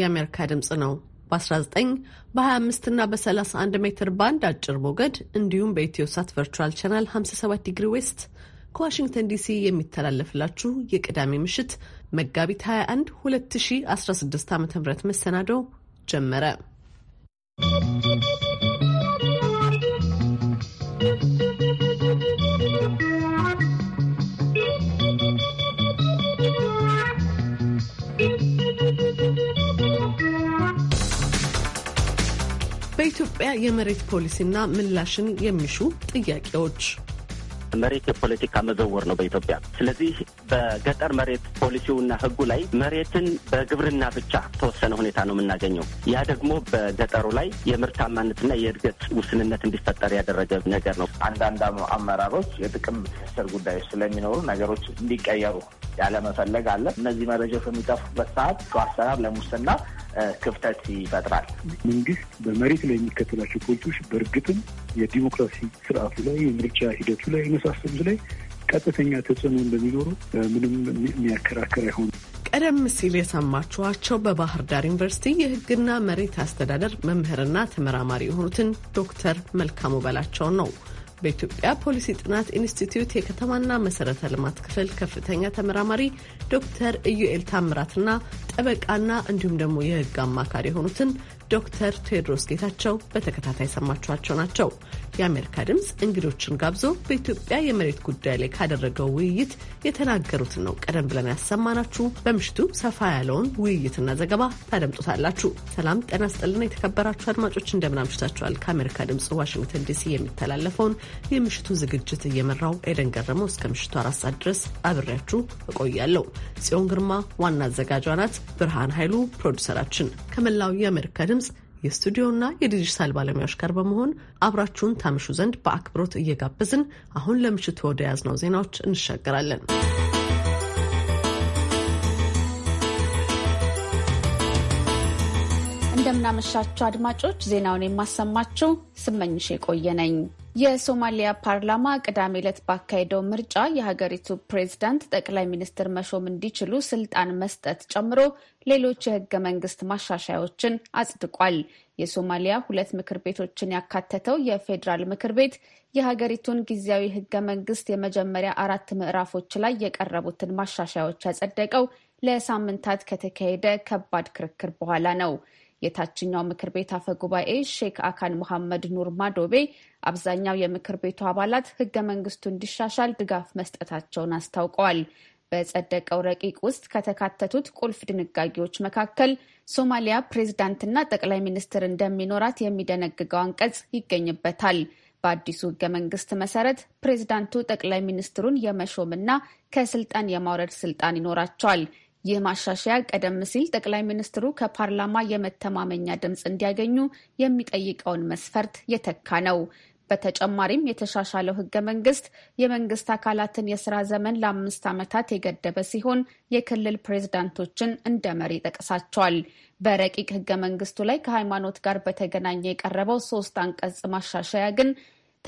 የአሜሪካ ድምፅ ነው። በ19 በ25 እና በ31 ሜትር ባንድ አጭር ሞገድ እንዲሁም በኢትዮሳት ቨርቹዋል ቻናል 57 ዲግሪ ዌስት ከዋሽንግተን ዲሲ የሚተላለፍላችሁ የቅዳሜ ምሽት መጋቢት 21 2016 ዓ ም መሰናዶ ጀመረ። የኢትዮጵያ የመሬት ፖሊሲና ምላሽን የሚሹ ጥያቄዎች መሬት የፖለቲካ መዘወር ነው በኢትዮጵያ። ስለዚህ በገጠር መሬት ፖሊሲውና ሕጉ ላይ መሬትን በግብርና ብቻ ተወሰነ ሁኔታ ነው የምናገኘው። ያ ደግሞ በገጠሩ ላይ የምርታማነትና የእድገት ውስንነት እንዲፈጠር ያደረገ ነገር ነው። አንዳንድ አመራሮች የጥቅም ስር ጉዳዮች ስለሚኖሩ ነገሮች እንዲቀየሩ ያለመፈለግ አለ። እነዚህ መረጃዎች በሚጠፉበት ሰዓት አሰራር ለሙስና ክፍተት ይፈጥራል። መንግስት በመሬት ላይ የሚከተላቸው ፖሊሲዎች በእርግጥም የዲሞክራሲ ስርዓቱ ላይ የምርጫ ሂደቱ ላይ የመሳሰሉት ላይ ቀጥተኛ ተጽዕኖ እንደሚኖሩ ምንም የሚያከራከር አይሆንም። ቀደም ሲል የሰማችኋቸው በባህር ዳር ዩኒቨርሲቲ የሕግና መሬት አስተዳደር መምህርና ተመራማሪ የሆኑትን ዶክተር መልካሙ በላቸውን ነው። በኢትዮጵያ ፖሊሲ ጥናት ኢንስቲትዩት የከተማና መሰረተ ልማት ክፍል ከፍተኛ ተመራማሪ ዶክተር ኢዩኤል ታምራትና ጠበቃና እንዲሁም ደግሞ የህግ አማካሪ የሆኑትን ዶክተር ቴዎድሮስ ጌታቸው በተከታታይ ሰማችኋቸው ናቸው። የአሜሪካ ድምፅ እንግዶችን ጋብዞ በኢትዮጵያ የመሬት ጉዳይ ላይ ካደረገው ውይይት የተናገሩትን ነው ቀደም ብለን ያሰማናችሁ። በምሽቱ ሰፋ ያለውን ውይይትና ዘገባ ታደምጡታላችሁ። ሰላም ጤና ይስጥልን። የተከበራችሁ አድማጮች እንደምን ከአሜሪካ ድምፅ ዋሽንግተን ዲሲ የሚተላለፈውን የምሽቱ ዝግጅት እየመራው ኤደን ገረመው እስከ ምሽቱ አራት ሰዓት ድረስ አብሬያችሁ እቆያለሁ። ጽዮን ግርማ ዋና አዘጋጇ ናት። ብርሃን ኃይሉ ፕሮዲሰራችን ከመላው የአሜሪካ ድምፅ የስቱዲዮና የዲጂታል ባለሙያዎች ጋር በመሆን አብራችሁን ታምሹ ዘንድ በአክብሮት እየጋበዝን አሁን ለምሽቱ ወደ ያዝነው ዜናዎች እንሻገራለን። እንደምናመሻችሁ አድማጮች፣ ዜናውን የማሰማችሁ ስመኝሽ የቆየ ነኝ። የሶማሊያ ፓርላማ ቅዳሜ ዕለት ባካሄደው ምርጫ የሀገሪቱ ፕሬዝዳንት ጠቅላይ ሚኒስትር መሾም እንዲችሉ ስልጣን መስጠት ጨምሮ ሌሎች የህገ መንግስት ማሻሻያዎችን አጽድቋል። የሶማሊያ ሁለት ምክር ቤቶችን ያካተተው የፌዴራል ምክር ቤት የሀገሪቱን ጊዜያዊ ህገ መንግስት የመጀመሪያ አራት ምዕራፎች ላይ የቀረቡትን ማሻሻያዎች ያጸደቀው ለሳምንታት ከተካሄደ ከባድ ክርክር በኋላ ነው። የታችኛው ምክር ቤት አፈ ጉባኤ ሼክ አካን መሐመድ ኑር ማዶቤ አብዛኛው የምክር ቤቱ አባላት ህገ መንግስቱ እንዲሻሻል ድጋፍ መስጠታቸውን አስታውቀዋል። በጸደቀው ረቂቅ ውስጥ ከተካተቱት ቁልፍ ድንጋጌዎች መካከል ሶማሊያ ፕሬዝዳንትና ጠቅላይ ሚኒስትር እንደሚኖራት የሚደነግገው አንቀጽ ይገኝበታል። በአዲሱ ህገ መንግስት መሰረት ፕሬዝዳንቱ ጠቅላይ ሚኒስትሩን የመሾምና ከስልጣን የማውረድ ስልጣን ይኖራቸዋል። ይህ ማሻሻያ ቀደም ሲል ጠቅላይ ሚኒስትሩ ከፓርላማ የመተማመኛ ድምፅ እንዲያገኙ የሚጠይቀውን መስፈርት የተካ ነው። በተጨማሪም የተሻሻለው ህገ መንግስት የመንግስት አካላትን የስራ ዘመን ለአምስት ዓመታት የገደበ ሲሆን የክልል ፕሬዝዳንቶችን እንደ መሪ ጠቅሳቸዋል። በረቂቅ ህገ መንግስቱ ላይ ከሃይማኖት ጋር በተገናኘ የቀረበው ሶስት አንቀጽ ማሻሻያ ግን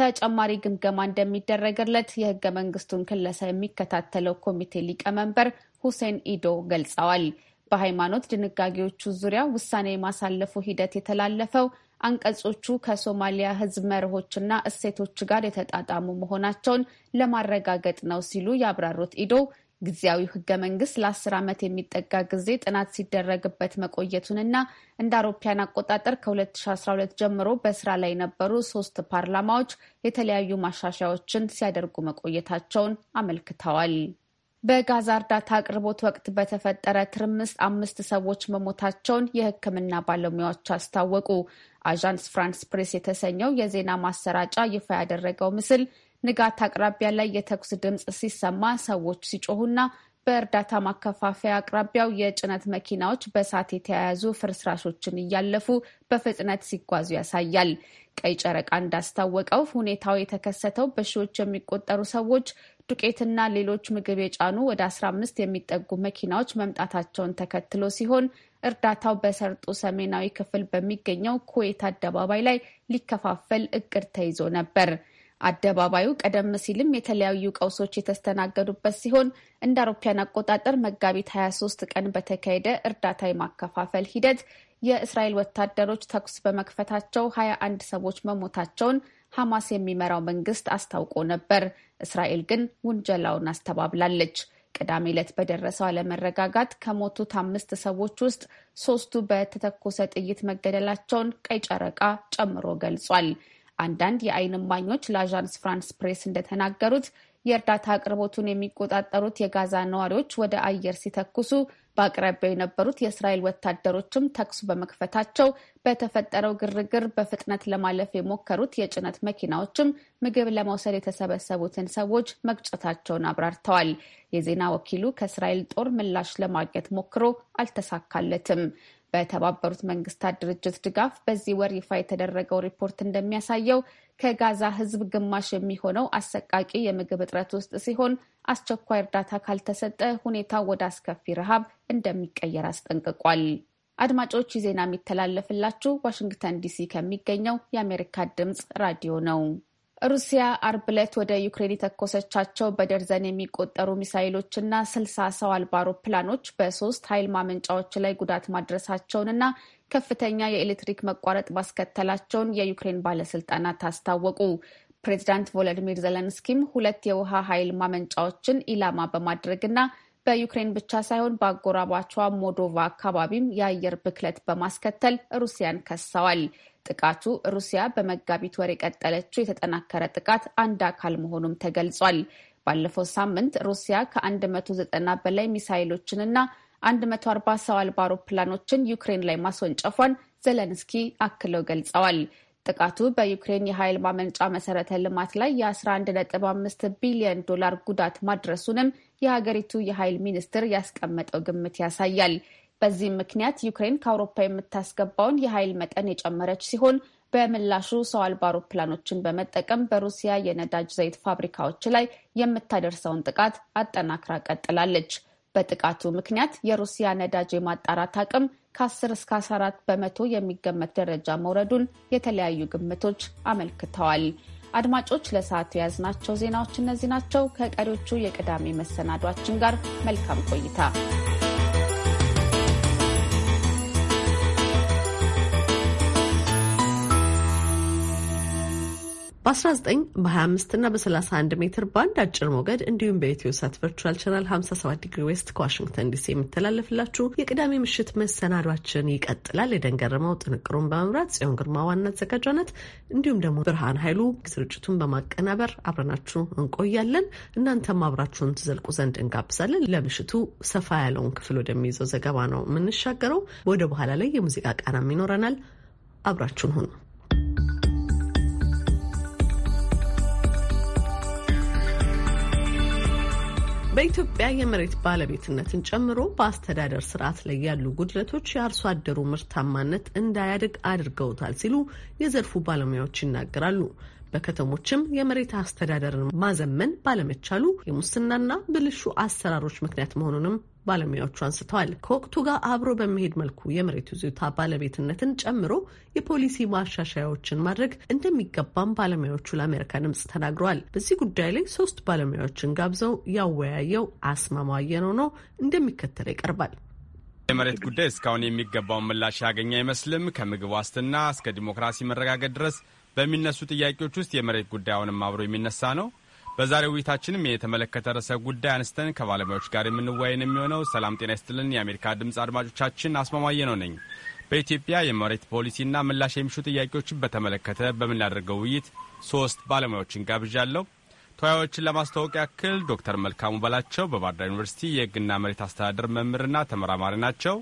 ተጨማሪ ግምገማ እንደሚደረግለት የህገ መንግስቱን ክለሳ የሚከታተለው ኮሚቴ ሊቀመንበር ሁሴን ኢዶ ገልጸዋል። በሃይማኖት ድንጋጌዎቹ ዙሪያ ውሳኔ የማሳለፉ ሂደት የተላለፈው አንቀጾቹ ከሶማሊያ ሕዝብ መርሆችና እሴቶች ጋር የተጣጣሙ መሆናቸውን ለማረጋገጥ ነው ሲሉ ያብራሩት ኢዶ ጊዜያዊ ህገ መንግስት ለአስር ዓመት የሚጠጋ ጊዜ ጥናት ሲደረግበት መቆየቱንና እንደ አውሮፓያን አቆጣጠር ከ2012 ጀምሮ በስራ ላይ የነበሩ ሶስት ፓርላማዎች የተለያዩ ማሻሻያዎችን ሲያደርጉ መቆየታቸውን አመልክተዋል። በጋዛ እርዳታ አቅርቦት ወቅት በተፈጠረ ትርምስ አምስት ሰዎች መሞታቸውን የሕክምና ባለሙያዎች አስታወቁ። አዣንስ ፍራንስ ፕሬስ የተሰኘው የዜና ማሰራጫ ይፋ ያደረገው ምስል ንጋት አቅራቢያ ላይ የተኩስ ድምፅ ሲሰማ ሰዎች ሲጮሁና በእርዳታ ማከፋፈያ አቅራቢያው የጭነት መኪናዎች በእሳት የተያያዙ ፍርስራሾችን እያለፉ በፍጥነት ሲጓዙ ያሳያል። ቀይ ጨረቃ እንዳስታወቀው ሁኔታው የተከሰተው በሺዎች የሚቆጠሩ ሰዎች ዱቄትና ሌሎች ምግብ የጫኑ ወደ 15 የሚጠጉ መኪናዎች መምጣታቸውን ተከትሎ ሲሆን እርዳታው በሰርጡ ሰሜናዊ ክፍል በሚገኘው ኩዌት አደባባይ ላይ ሊከፋፈል እቅድ ተይዞ ነበር። አደባባዩ ቀደም ሲልም የተለያዩ ቀውሶች የተስተናገዱበት ሲሆን እንደ አውሮፓውያን አቆጣጠር መጋቢት 23 ቀን በተካሄደ እርዳታ የማከፋፈል ሂደት የእስራኤል ወታደሮች ተኩስ በመክፈታቸው 21 ሰዎች መሞታቸውን ሐማስ የሚመራው መንግስት አስታውቆ ነበር። እስራኤል ግን ውንጀላውን አስተባብላለች። ቅዳሜ ዕለት በደረሰው አለመረጋጋት ከሞቱት አምስት ሰዎች ውስጥ ሶስቱ በተተኮሰ ጥይት መገደላቸውን ቀይ ጨረቃ ጨምሮ ገልጿል። አንዳንድ የአይን እማኞች ለአዣንስ ፍራንስ ፕሬስ እንደተናገሩት የእርዳታ አቅርቦቱን የሚቆጣጠሩት የጋዛ ነዋሪዎች ወደ አየር ሲተኩሱ በአቅራቢያው የነበሩት የእስራኤል ወታደሮችም ተኩሱ በመክፈታቸው በተፈጠረው ግርግር በፍጥነት ለማለፍ የሞከሩት የጭነት መኪናዎችም ምግብ ለመውሰድ የተሰበሰቡትን ሰዎች መግጨታቸውን አብራርተዋል። የዜና ወኪሉ ከእስራኤል ጦር ምላሽ ለማግኘት ሞክሮ አልተሳካለትም። በተባበሩት መንግስታት ድርጅት ድጋፍ በዚህ ወር ይፋ የተደረገው ሪፖርት እንደሚያሳየው ከጋዛ ህዝብ ግማሽ የሚሆነው አሰቃቂ የምግብ እጥረት ውስጥ ሲሆን አስቸኳይ እርዳታ ካልተሰጠ ሁኔታው ወደ አስከፊ ረሃብ እንደሚቀየር አስጠንቅቋል። አድማጮች ዜና የሚተላለፍላችሁ ዋሽንግተን ዲሲ ከሚገኘው የአሜሪካ ድምፅ ራዲዮ ነው። ሩሲያ አርብ ዕለት ወደ ዩክሬን የተኮሰቻቸው በደርዘን የሚቆጠሩ ሚሳይሎችና ስልሳ ሰው አልባ አውሮፕላኖች በሶስት ኃይል ማመንጫዎች ላይ ጉዳት ማድረሳቸውንና ከፍተኛ የኤሌክትሪክ መቋረጥ ማስከተላቸውን የዩክሬን ባለስልጣናት አስታወቁ። ፕሬዚዳንት ቮሎዲሚር ዘለንስኪም ሁለት የውሃ ኃይል ማመንጫዎችን ኢላማ በማድረግና በዩክሬን ብቻ ሳይሆን በአጎራባቿ ሞዶቫ አካባቢም የአየር ብክለት በማስከተል ሩሲያን ከሰዋል። ጥቃቱ ሩሲያ በመጋቢት ወር የቀጠለችው የተጠናከረ ጥቃት አንድ አካል መሆኑም ተገልጿል። ባለፈው ሳምንት ሩሲያ ከ190 በላይ ሚሳይሎችንና 140 ሰው አልባ አውሮፕላኖችን ዩክሬን ላይ ማስወንጨፏን ዘለንስኪ አክለው ገልጸዋል። ጥቃቱ በዩክሬን የኃይል ማመንጫ መሰረተ ልማት ላይ የ11.5 ቢሊዮን ዶላር ጉዳት ማድረሱንም የሀገሪቱ የኃይል ሚኒስትር ያስቀመጠው ግምት ያሳያል። በዚህም ምክንያት ዩክሬን ከአውሮፓ የምታስገባውን የኃይል መጠን የጨመረች ሲሆን በምላሹ ሰው አልባ አውሮፕላኖችን በመጠቀም በሩሲያ የነዳጅ ዘይት ፋብሪካዎች ላይ የምታደርሰውን ጥቃት አጠናክራ ቀጥላለች። በጥቃቱ ምክንያት የሩሲያ ነዳጅ የማጣራት አቅም ከ10 እስከ 14 በመቶ የሚገመት ደረጃ መውረዱን የተለያዩ ግምቶች አመልክተዋል። አድማጮች፣ ለሰዓቱ የያዝናቸው ዜናዎች እነዚህ ናቸው። ከቀሪዎቹ የቅዳሜ መሰናዷችን ጋር መልካም ቆይታ በ19 በ25 እና በ31 ሜትር ባንድ አጭር ሞገድ እንዲሁም በኢትዮ ሳት ቨርቹዋል ቻናል 57 ዲግሪ ዌስት ከዋሽንግተን ዲሲ የሚተላለፍላችሁ የቅዳሜ ምሽት መሰናዷችን ይቀጥላል። የደንገረመው ጥንቅሩን በመምራት ጽዮን ግርማ ዋና አዘጋጇነት፣ እንዲሁም ደግሞ ብርሃን ኃይሉ ስርጭቱን በማቀናበር አብረናችሁ እንቆያለን። እናንተም አብራችሁን ትዘልቁ ዘንድ እንጋብዛለን። ለምሽቱ ሰፋ ያለውን ክፍል ወደሚይዘው ዘገባ ነው የምንሻገረው። ወደ በኋላ ላይ የሙዚቃ ቃናም ይኖረናል። አብራችሁን ሁኑ። በኢትዮጵያ የመሬት ባለቤትነትን ጨምሮ በአስተዳደር ስርዓት ላይ ያሉ ጉድለቶች የአርሶ አደሩ ምርታማነት እንዳያድግ አድርገውታል ሲሉ የዘርፉ ባለሙያዎች ይናገራሉ። በከተሞችም የመሬት አስተዳደርን ማዘመን ባለመቻሉ የሙስናና ብልሹ አሰራሮች ምክንያት መሆኑንም ባለሙያዎቹ አንስተዋል። ከወቅቱ ጋር አብሮ በመሄድ መልኩ የመሬት ይዞታ ባለቤትነትን ጨምሮ የፖሊሲ ማሻሻያዎችን ማድረግ እንደሚገባም ባለሙያዎቹ ለአሜሪካ ድምጽ ተናግረዋል። በዚህ ጉዳይ ላይ ሶስት ባለሙያዎችን ጋብዘው ያወያየው አስማማው አየነው ነው፣ እንደሚከተለው ይቀርባል። የመሬት ጉዳይ እስካሁን የሚገባውን ምላሽ ያገኘ አይመስልም። ከምግብ ዋስትና እስከ ዲሞክራሲ መረጋገጥ ድረስ በሚነሱ ጥያቄዎች ውስጥ የመሬት ጉዳይ አሁንም አብሮ የሚነሳ ነው። በዛሬ ውይይታችንም የተመለከተ ርዕሰ ጉዳይ አንስተን ከባለሙያዎች ጋር የምንወያይን የሚሆነው። ሰላም ጤና ይስጥልን። የአሜሪካ ድምፅ አድማጮቻችን አስማማየ ነው ነኝ። በኢትዮጵያ የመሬት ፖሊሲና ምላሽ የሚሹ ጥያቄዎችን በተመለከተ በምናደርገው ውይይት ሶስት ባለሙያዎችን ጋብዣለሁ። ተወያዮችን ለማስተዋወቅ ያክል ዶክተር መልካሙ በላቸው በባህርዳር ዩኒቨርሲቲ የህግና መሬት አስተዳደር መምህርና ተመራማሪ ናቸው።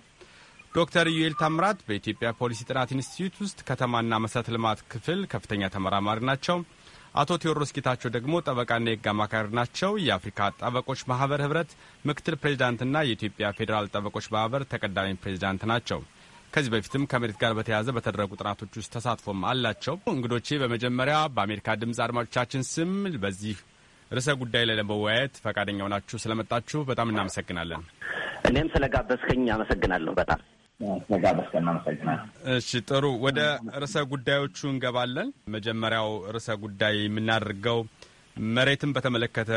ዶክተር ዩኤል ታምራት በኢትዮጵያ ፖሊሲ ጥናት ኢንስቲትዩት ውስጥ ከተማና መሰረተ ልማት ክፍል ከፍተኛ ተመራማሪ ናቸው። አቶ ቴዎድሮስ ጌታቸው ደግሞ ጠበቃና የህግ አማካሪ ናቸው። የአፍሪካ ጠበቆች ማህበር ህብረት ምክትል ፕሬዚዳንትና የኢትዮጵያ ፌዴራል ጠበቆች ማህበር ተቀዳሚ ፕሬዚዳንት ናቸው። ከዚህ በፊትም ከመሬት ጋር በተያያዘ በተደረጉ ጥናቶች ውስጥ ተሳትፎም አላቸው። እንግዶቼ በመጀመሪያ በአሜሪካ ድምፅ አድማጮቻችን ስም በዚህ ርዕሰ ጉዳይ ላይ ለመወያየት ፈቃደኛው ናችሁ ስለመጣችሁ በጣም እናመሰግናለን። እኔም ስለጋበዝከኝ አመሰግናለሁ በጣም እሺ ጥሩ፣ ወደ ርዕሰ ጉዳዮቹ እንገባለን። መጀመሪያው ርዕሰ ጉዳይ የምናደርገው መሬትን በተመለከተ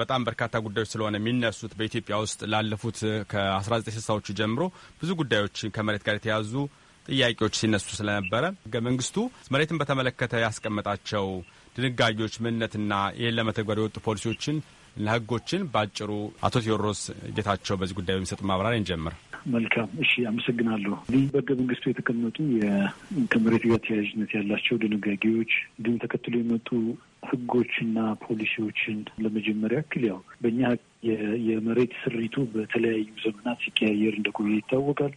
በጣም በርካታ ጉዳዮች ስለሆነ የሚነሱት በኢትዮጵያ ውስጥ ላለፉት ከ1960ዎቹ ጀምሮ ብዙ ጉዳዮች ከመሬት ጋር የተያዙ ጥያቄዎች ሲነሱ ስለነበረ ሕገ መንግስቱ መሬትን በተመለከተ ያስቀመጣቸው ድንጋጌዎች ምንነትና ይህን ለመተግበር የወጡ ፖሊሲዎችን እና በአጭሩ አቶ ቴዎድሮስ ጌታቸው በዚህ ጉዳይ በሚሰጡ ማብራሪያ እንጀምር። መልካም እሺ፣ አመሰግናለሁ። በህገ መንግስቱ የተቀመጡ ከመሬት ጋር ተያያዥነት ያላቸው ድንጋጌዎች እንዲሁም ተከትሎ የመጡ ህጎችና ፖሊሲዎችን ለመጀመሪያ ያክል ያው በእኛ የመሬት ስሪቱ በተለያዩ ዘመናት ሲቀያየር እንደቆየ ይታወቃል።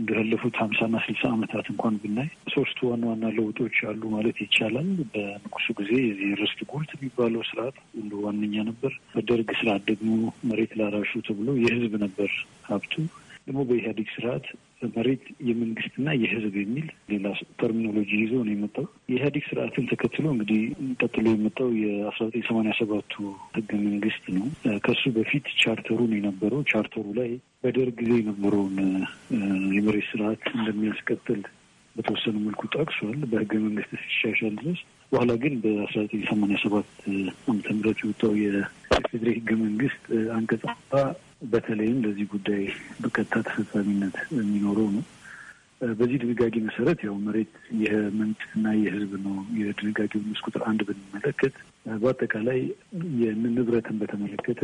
እንዳለፉት ሀምሳና ስልሳ ዓመታት እንኳን ብናይ ሶስቱ ዋና ዋና ለውጦች አሉ ማለት ይቻላል። በንጉሱ ጊዜ የዚህ ርስት ጉልት የሚባለው ስርዓት ሁሉ ዋነኛ ነበር። በደርግ ስርዓት ደግሞ መሬት ላራሹ ተብሎ የህዝብ ነበር ሀብቱ። ደግሞ በኢህአዴግ ስርዓት መሬት የመንግስትና የህዝብ የሚል ሌላ ተርሚኖሎጂ ይዞ ነው የመጣው። የኢህአዴግ ስርዓትን ተከትሎ እንግዲህ ቀጥሎ የመጣው የአስራ ዘጠኝ ሰማንያ ሰባቱ ህገ መንግስት ነው። ከሱ በፊት ቻርተሩ ነው የነበረው። ቻርተሩ ላይ በደርግ ጊዜ የነበረውን የመሬት ስርዓት እንደሚያስቀጥል በተወሰነ መልኩ ጠቅሷል። በህገ መንግስት ሲሻሻል ድረስ በኋላ ግን በአስራ ዘጠኝ ሰማንያ ሰባት አመተ ምህረት የወጣው የፌዴሬ ህገ መንግስት አንቀጽ በተለይም ለዚህ ጉዳይ በቀጥታ ተፈጻሚነት የሚኖረው ነው። በዚህ ድንጋጌ መሰረት ያው መሬት እና የህዝብ ነው። የድንጋጌው ንዑስ ቁጥር አንድ ብንመለከት በአጠቃላይ ንብረትን በተመለከተ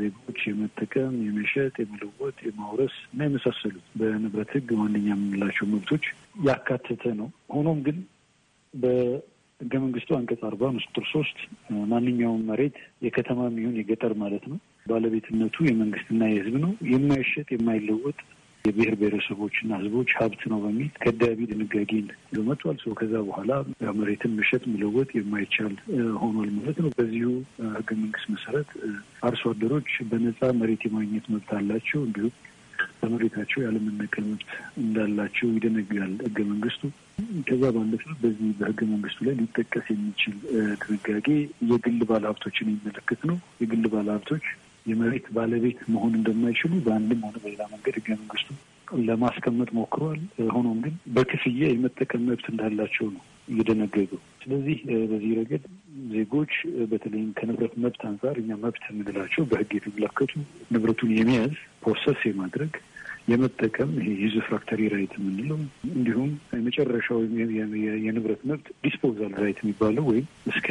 ዜጎች የመጠቀም፣ የመሸጥ፣ የመለወጥ፣ የማውረስ እና የመሳሰሉት በንብረት ህግ ዋነኛ የምንላቸው መብቶች ያካተተ ነው። ሆኖም ግን በህገ መንግስቱ አንቀጽ አርባ ንዑስ ቁጥር ሶስት ማንኛውም መሬት የከተማ የሚሆን የገጠር ማለት ነው ባለቤትነቱ የመንግስትና የህዝብ ነው፣ የማይሸጥ የማይለወጥ የብሔር ብሔረሰቦችና ህዝቦች ሀብት ነው በሚል ከዳቢ ድንጋጌን ይዞ ሰው ከዛ በኋላ መሬትን መሸጥ መለወጥ የማይቻል ሆኗል ማለት ነው። በዚሁ ህገ መንግስት መሰረት አርሶ አደሮች በነፃ መሬት የማግኘት መብት አላቸው። እንዲሁም በመሬታቸው ያለመነቀል መብት እንዳላቸው ይደነግጋል ህገ መንግስቱ። ከዛ ባለፈ በዚህ በህገ መንግስቱ ላይ ሊጠቀስ የሚችል ድንጋጌ የግል ባለሀብቶችን የሚመለከት ነው። የግል ባለሀብቶች የመሬት ባለቤት መሆን እንደማይችሉ በአንድም ሆነ በሌላ መንገድ ህገ መንግስቱ ለማስቀመጥ ሞክረዋል። ሆኖም ግን በክፍያ የመጠቀም መብት እንዳላቸው ነው እየደነገገው። ስለዚህ በዚህ ረገድ ዜጎች በተለይም ከንብረት መብት አንጻር እኛ መብት የምንላቸው በህግ የተመለከቱ ንብረቱን የመያዝ ፕሮሰስ የማድረግ የመጠቀም ይሄ ፍራክተሪ ራይት የምንለው እንዲሁም የመጨረሻው የንብረት መብት ዲስፖዛል ራይት የሚባለው ወይም እስከ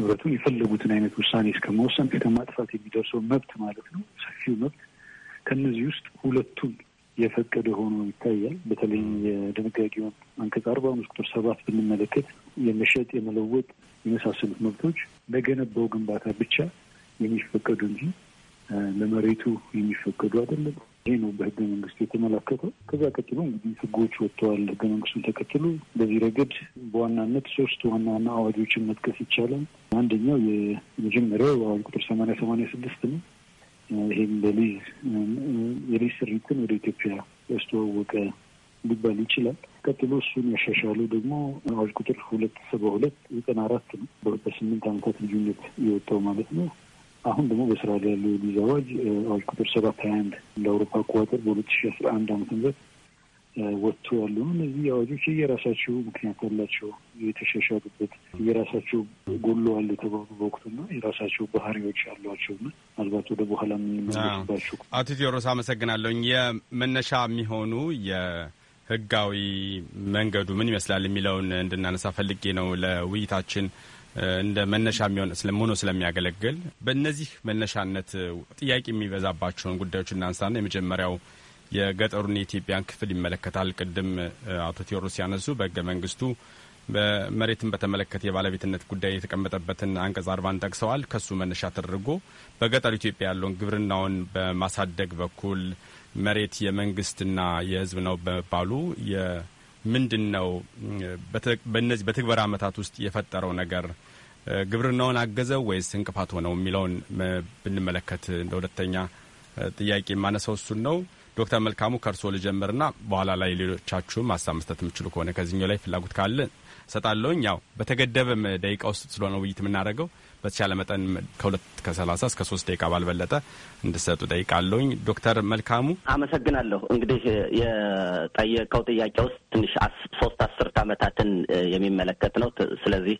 ንብረቱን የፈለጉትን አይነት ውሳኔ እስከ መወሰን እስከ ማጥፋት የሚደርሰው መብት ማለት ነው። ሰፊው መብት ከእነዚህ ውስጥ ሁለቱን የፈቀደ ሆኖ ይታያል። በተለይ የድንጋጌውን አንቀጽ አርባ አምስት ቁጥር ሰባት ብንመለከት የመሸጥ የመለወጥ የመሳሰሉት መብቶች ለገነባው ግንባታ ብቻ የሚፈቀዱ እንጂ ለመሬቱ የሚፈቀዱ አይደለም። ይሄ ነው በህገ መንግስት የተመለከተው። ከዛ ቀጥሎ እንግዲህ ህጎች ወጥተዋል። ህገ መንግስቱን ተከትሎ በዚህ ረገድ በዋናነት ሶስት ዋና ዋና አዋጆችን መጥቀስ ይቻላል። አንደኛው የመጀመሪያው አዋጅ ቁጥር ሰማንያ ሰማንያ ስድስት ነው። ይህም በሊዝ የሊዝ ስሪትን ወደ ኢትዮጵያ ያስተዋወቀ ሊባል ይችላል። ቀጥሎ እሱን ያሻሻሉ ደግሞ አዋጅ ቁጥር ሁለት ሰባ ሁለት ዘጠና አራት ነው። በሁለት ስምንት ዓመታት ልዩነት የወጣው ማለት ነው። አሁን ደግሞ በስራ ላይ ያለው የቪዛ አዋጅ አዋጅ ቁጥር ሰባት ሀያ አንድ እንደ አውሮፓ አቆጣጠር በሁለት ሺ አስራ አንድ ዓመተ ምህረት ወጥቶ ያለው እነዚህ አዋጆች የየራሳቸው ምክንያት ያላቸው የተሻሻሉበት የራሳቸው ጎሎ አለ የተባሉ በወቅቱና የራሳቸው ባህሪዎች ያሏቸውና ምናልባት ወደ በኋላ የምንመለስባቸው። አቶ ቴዎድሮስ አመሰግናለሁኝ። የመነሻ የሚሆኑ የ ህጋዊ መንገዱ ምን ይመስላል የሚለውን እንድናነሳ ፈልጌ ነው ለውይይታችን እንደ መነሻ የሚሆን ሆኖ ስለሚያገለግል በእነዚህ መነሻነት ጥያቄ የሚበዛባቸውን ጉዳዮች እናንሳና የመጀመሪያው የገጠሩን የኢትዮጵያን ክፍል ይመለከታል። ቅድም አቶ ቴዎድሮስ ሲያነሱ በህገ መንግስቱ በመሬትን በተመለከተ የባለቤትነት ጉዳይ የተቀመጠበትን አንቀጽ አርባን ጠቅሰዋል። ከሱ መነሻ ተደርጎ በገጠሩ ኢትዮጵያ ያለውን ግብርናውን በማሳደግ በኩል መሬት የመንግስትና የህዝብ ነው በመባሉ ምንድን ነው በነዚህ በትግበር ዓመታት ውስጥ የፈጠረው ነገር ግብርናውን አገዘው ወይስ እንቅፋት ሆነው የሚለውን ብንመለከት እንደ ሁለተኛ ጥያቄ የማነሳው እሱን ነው። ዶክተር መልካሙ ከእርስዎ ልጀምርና በኋላ ላይ ሌሎቻችሁም ሀሳብ መስጠት የምችሉ ከሆነ ከዚህኛው ላይ ፍላጎት ካለ ሰጣለውኝ። ያው በተገደበ ደቂቃ ውስጥ ስለሆነ ውይይት የምናደርገው በተቻለ መጠን ከሁለት ከሰላሳ እስከ ሶስት ደቂቃ ባልበለጠ እንድሰጡ ጠይቃለውኝ። ዶክተር መልካሙ አመሰግናለሁ። እንግዲህ ጠየቀው ጥያቄ ውስጥ ትንሽ ሶስት አስርት ዓመታትን የሚመለከት ነው። ስለዚህ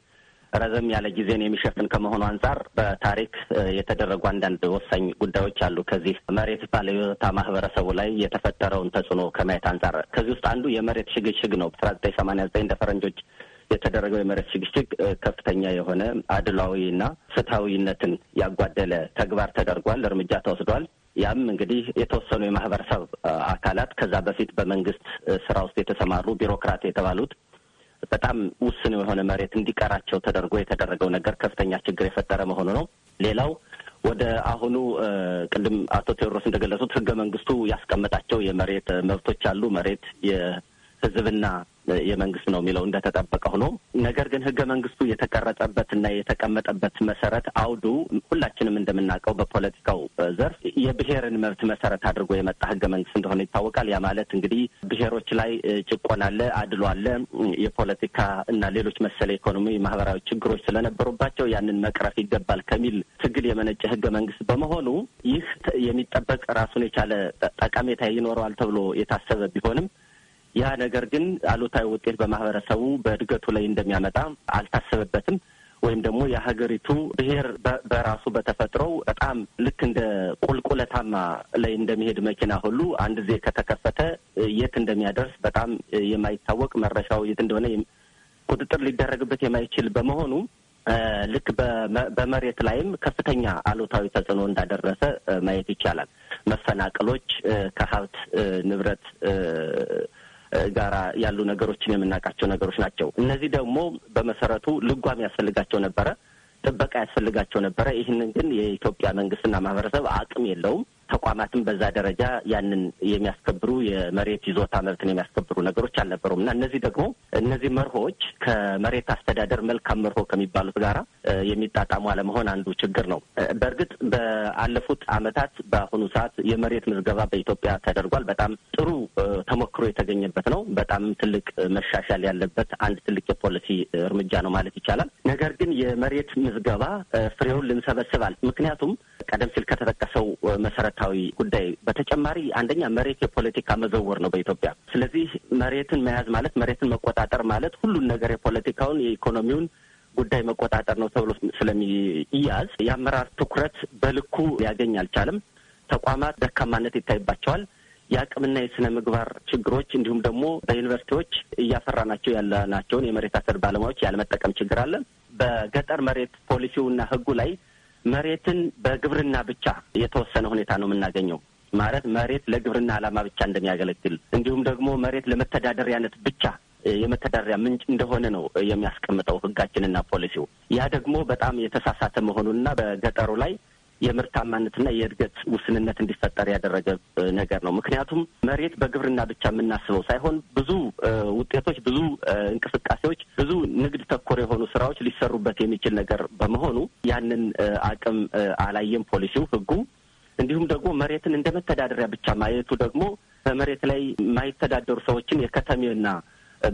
ረዘም ያለ ጊዜን የሚሸፍን ከመሆኑ አንጻር በታሪክ የተደረጉ አንዳንድ ወሳኝ ጉዳዮች አሉ። ከዚህ መሬት ባለይዞታ ማህበረሰቡ ላይ የተፈጠረውን ተጽዕኖ ከማየት አንጻር ከዚህ ውስጥ አንዱ የመሬት ሽግሽግ ነው። አስራ ዘጠኝ ሰማንያ ዘጠኝ እንደ ፈረንጆች የተደረገው የመሬት ሽግሽግ ከፍተኛ የሆነ አድሏዊና ፍትሐዊነትን ያጓደለ ተግባር ተደርጓል፣ እርምጃ ተወስዷል። ያም እንግዲህ የተወሰኑ የማህበረሰብ አካላት ከዛ በፊት በመንግስት ስራ ውስጥ የተሰማሩ ቢሮክራት የተባሉት በጣም ውስን የሆነ መሬት እንዲቀራቸው ተደርጎ የተደረገው ነገር ከፍተኛ ችግር የፈጠረ መሆኑ ነው። ሌላው ወደ አሁኑ ቅድም አቶ ቴዎድሮስ እንደገለጹት ህገ መንግስቱ ያስቀመጣቸው የመሬት መብቶች አሉ። መሬት ህዝብና የመንግስት ነው የሚለው እንደተጠበቀ ሆኖ ነገር ግን ህገ መንግስቱ የተቀረጸበትና የተቀመጠበት መሰረት አውዱ ሁላችንም እንደምናውቀው በፖለቲካው ዘርፍ የብሔርን መብት መሰረት አድርጎ የመጣ ህገ መንግስት እንደሆነ ይታወቃል። ያ ማለት እንግዲህ ብሔሮች ላይ ጭቆና አለ፣ አድሎ አለ፣ የፖለቲካ እና ሌሎች መሰለ ኢኮኖሚ፣ ማህበራዊ ችግሮች ስለነበሩባቸው ያንን መቅረፍ ይገባል ከሚል ትግል የመነጨ ህገ መንግስት በመሆኑ ይህ የሚጠበቅ ራሱን የቻለ ጠቀሜታ ይኖረዋል ተብሎ የታሰበ ቢሆንም ያ ነገር ግን አሉታዊ ውጤት በማህበረሰቡ በእድገቱ ላይ እንደሚያመጣ አልታሰበበትም። ወይም ደግሞ የሀገሪቱ ብሔር በራሱ በተፈጥሮው በጣም ልክ እንደ ቁልቁለታማ ላይ እንደሚሄድ መኪና ሁሉ አንድ ጊዜ ከተከፈተ የት እንደሚያደርስ በጣም የማይታወቅ መረሻው የት እንደሆነ ቁጥጥር ሊደረግበት የማይችል በመሆኑ ልክ በመሬት ላይም ከፍተኛ አሉታዊ ተጽዕኖ እንዳደረሰ ማየት ይቻላል። መፈናቀሎች ከሀብት ንብረት ጋራ ያሉ ነገሮችን የምናውቃቸው ነገሮች ናቸው። እነዚህ ደግሞ በመሰረቱ ልጓም ያስፈልጋቸው ነበረ፣ ጥበቃ ያስፈልጋቸው ነበረ። ይህንን ግን የኢትዮጵያ መንግስትና ማህበረሰብ አቅም የለውም። ተቋማትም በዛ ደረጃ ያንን የሚያስከብሩ የመሬት ይዞታ መብትን የሚያስከብሩ ነገሮች አልነበሩም እና እነዚህ ደግሞ እነዚህ መርሆች ከመሬት አስተዳደር መልካም መርሆ ከሚባሉት ጋራ የሚጣጣሙ አለመሆን አንዱ ችግር ነው። በእርግጥ በአለፉት ዓመታት በአሁኑ ሰዓት የመሬት ምዝገባ በኢትዮጵያ ተደርጓል። በጣም ጥሩ ተሞክሮ የተገኘበት ነው። በጣም ትልቅ መሻሻል ያለበት አንድ ትልቅ የፖሊሲ እርምጃ ነው ማለት ይቻላል። ነገር ግን የመሬት ምዝገባ ፍሬውን ልንሰበስባል ምክንያቱም ቀደም ሲል ከተጠቀሰው መሰረታዊ ጉዳይ በተጨማሪ አንደኛ መሬት የፖለቲካ መዘወር ነው በኢትዮጵያ። ስለዚህ መሬትን መያዝ ማለት መሬትን መቆጣጠር ማለት ሁሉን ነገር የፖለቲካውን፣ የኢኮኖሚውን ጉዳይ መቆጣጠር ነው ተብሎ ስለሚያዝ የአመራር ትኩረት በልኩ ሊያገኝ አልቻለም። ተቋማት ደካማነት ይታይባቸዋል። የአቅምና የስነ ምግባር ችግሮች እንዲሁም ደግሞ በዩኒቨርሲቲዎች እያፈራናቸው ያለናቸውን የመሬት አሰድ ባለሙያዎች ያለመጠቀም ችግር አለ። በገጠር መሬት ፖሊሲውና ሕጉ ላይ መሬትን በግብርና ብቻ የተወሰነ ሁኔታ ነው የምናገኘው። ማለት መሬት ለግብርና ዓላማ ብቻ እንደሚያገለግል እንዲሁም ደግሞ መሬት ለመተዳደሪያነት ብቻ የመተዳደሪያ ምንጭ እንደሆነ ነው የሚያስቀምጠው ህጋችንና ፖሊሲው። ያ ደግሞ በጣም የተሳሳተ መሆኑንና በገጠሩ ላይ የምርታማነትና የእድገት ውስንነት እንዲፈጠር ያደረገ ነገር ነው። ምክንያቱም መሬት በግብርና ብቻ የምናስበው ሳይሆን ብዙ ውጤቶች፣ ብዙ እንቅስቃሴዎች፣ ብዙ ንግድ ተኮር የሆኑ ስራዎች ሊሰሩበት የሚችል ነገር በመሆኑ ያንን አቅም አላየም ፖሊሲው፣ ህጉ። እንዲሁም ደግሞ መሬትን እንደ መተዳደሪያ ብቻ ማየቱ ደግሞ በመሬት ላይ የማይተዳደሩ ሰዎችን የከተሜና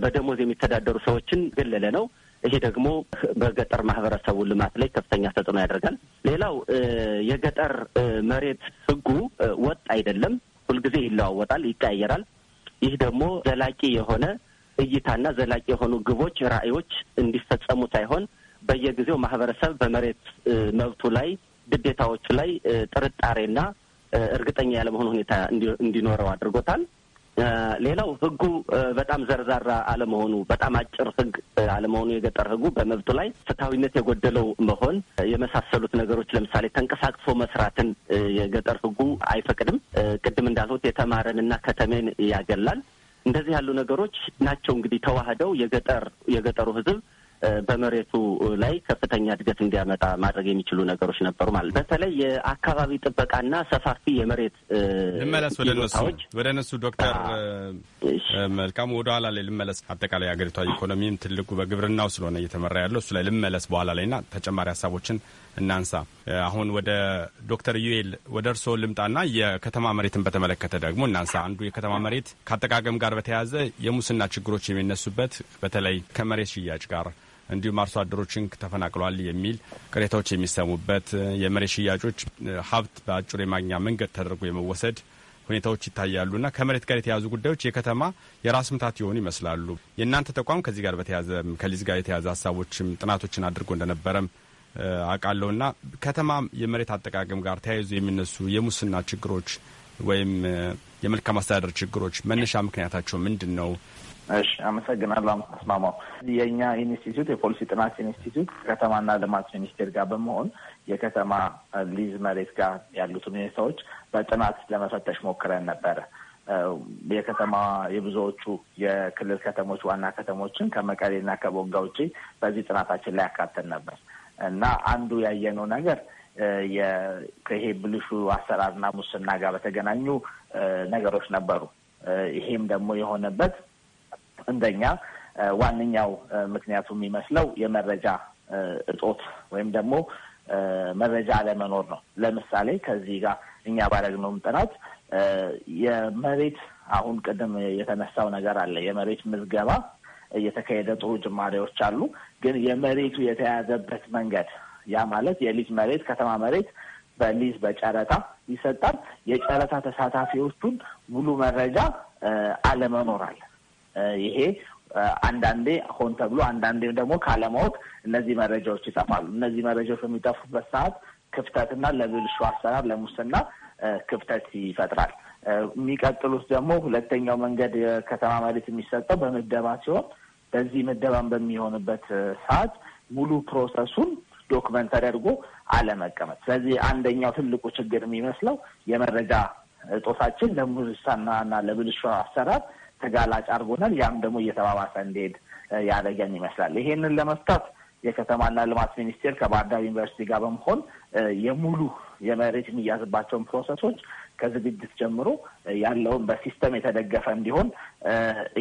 በደሞዝ የሚተዳደሩ ሰዎችን ገለለ ነው። ይሄ ደግሞ በገጠር ማህበረሰቡ ልማት ላይ ከፍተኛ ተጽዕኖ ያደርጋል። ሌላው የገጠር መሬት ህጉ ወጥ አይደለም። ሁልጊዜ ይለዋወጣል፣ ይቀያየራል። ይህ ደግሞ ዘላቂ የሆነ እይታና ዘላቂ የሆኑ ግቦች፣ ራዕዮች እንዲፈጸሙ ሳይሆን በየጊዜው ማህበረሰብ በመሬት መብቱ ላይ ግዴታዎቹ ላይ ጥርጣሬና እርግጠኛ ያለመሆን ሁኔታ እንዲኖረው አድርጎታል። ሌላው ህጉ በጣም ዘርዛራ አለመሆኑ፣ በጣም አጭር ህግ አለመሆኑ፣ የገጠር ህጉ በመብቱ ላይ ፍትሐዊነት የጎደለው መሆን የመሳሰሉት ነገሮች ለምሳሌ ተንቀሳቅሶ መስራትን የገጠር ህጉ አይፈቅድም። ቅድም እንዳልሁት የተማረን እና ከተሜን ያገላል። እንደዚህ ያሉ ነገሮች ናቸው እንግዲህ ተዋህደው የገጠር የገጠሩ ህዝብ በመሬቱ ላይ ከፍተኛ እድገት እንዲያመጣ ማድረግ የሚችሉ ነገሮች ነበሩ። ማለት በተለይ የአካባቢ ጥበቃና ሰፋፊ የመሬት ልመለስ ወደ ነሱ ወደ ነሱ ዶክተር መልካም ወደ ኋላ ላይ ልመለስ። አጠቃላይ ሀገሪቷ ኢኮኖሚም ትልቁ በግብርናው ስለሆነ እየተመራ ያለው እሱ ላይ ልመለስ በኋላ ላይ ና ተጨማሪ ሀሳቦችን እናንሳ። አሁን ወደ ዶክተር ዩኤል ወደ እርስዎ ልምጣና የከተማ መሬትን በተመለከተ ደግሞ እናንሳ። አንዱ የከተማ መሬት ከአጠቃቀም ጋር በተያያዘ የሙስና ችግሮች የሚነሱበት በተለይ ከመሬት ሽያጭ ጋር እንዲሁም አርሶ አደሮችን ተፈናቅሏል የሚል ቅሬታዎች የሚሰሙበት የመሬት ሽያጮች ሀብት በአጭሩ የማግኛ መንገድ ተደርጎ የመወሰድ ሁኔታዎች ይታያሉና ከመሬት ጋር የተያዙ ጉዳዮች የከተማ የራስ ምታት የሆኑ ይመስላሉ። የእናንተ ተቋም ከዚህ ጋር በተያዘ ከሊዝ ጋር የተያዘ ሀሳቦችም ጥናቶችን አድርጎ እንደነበረም አውቃለሁና ከተማ የመሬት አጠቃቀም ጋር ተያይዞ የሚነሱ የሙስና ችግሮች ወይም የመልካም አስተዳደር ችግሮች መነሻ ምክንያታቸው ምንድን ነው? እሺ አመሰግናለሁ አስማማው። የእኛ ኢንስቲትዩት የፖሊሲ ጥናት ኢንስቲትዩት ከከተማና ልማት ሚኒስቴር ጋር በመሆን የከተማ ሊዝ መሬት ጋር ያሉት ሁኔታዎች በጥናት ለመፈተሽ ሞክረን ነበረ። የከተማ የብዙዎቹ የክልል ከተሞች ዋና ከተሞችን ከመቀሌና ከቦንጋ ውጪ በዚህ ጥናታችን ላይ ያካተን ነበር እና አንዱ ያየነው ነገር ከይሄ ብልሹ አሰራርና ሙስና ጋር በተገናኙ ነገሮች ነበሩ። ይሄም ደግሞ የሆነበት እንደኛ ዋነኛው ምክንያቱ የሚመስለው የመረጃ እጦት ወይም ደግሞ መረጃ አለመኖር ነው። ለምሳሌ ከዚህ ጋር እኛ ባደረግነውም ጥናት የመሬት አሁን ቅድም የተነሳው ነገር አለ። የመሬት ምዝገባ እየተካሄደ ጥሩ ጅማሬዎች አሉ። ግን የመሬቱ የተያዘበት መንገድ ያ ማለት የሊዝ መሬት ከተማ መሬት በሊዝ በጨረታ ይሰጣል። የጨረታ ተሳታፊዎቹን ሙሉ መረጃ አለመኖር አለ። ይሄ አንዳንዴ ሆን ተብሎ አንዳንዴም ደግሞ ካለማወቅ እነዚህ መረጃዎች ይጠፋሉ። እነዚህ መረጃዎች በሚጠፉበት ሰዓት ክፍተትና ለብልሹ አሰራር ለሙስና ክፍተት ይፈጥራል። የሚቀጥሉት ደግሞ ሁለተኛው መንገድ የከተማ መሬት የሚሰጠው በምደባ ሲሆን በዚህ ምደባን በሚሆንበት ሰዓት ሙሉ ፕሮሰሱን ዶክመንት ተደርጎ አለመቀመጥ። ስለዚህ አንደኛው ትልቁ ችግር የሚመስለው የመረጃ እጦታችን ለሙስናና ለብልሹ አሰራር ተጋላጭ አድርጎናል። ያም ደግሞ እየተባባሰ እንዲሄድ ያደገን ይመስላል። ይሄንን ለመፍታት የከተማና ልማት ሚኒስቴር ከባህር ዳር ዩኒቨርሲቲ ጋር በመሆን የሙሉ የመሬት የሚያዝባቸውን ፕሮሰሶች ከዝግጅት ጀምሮ ያለውን በሲስተም የተደገፈ እንዲሆን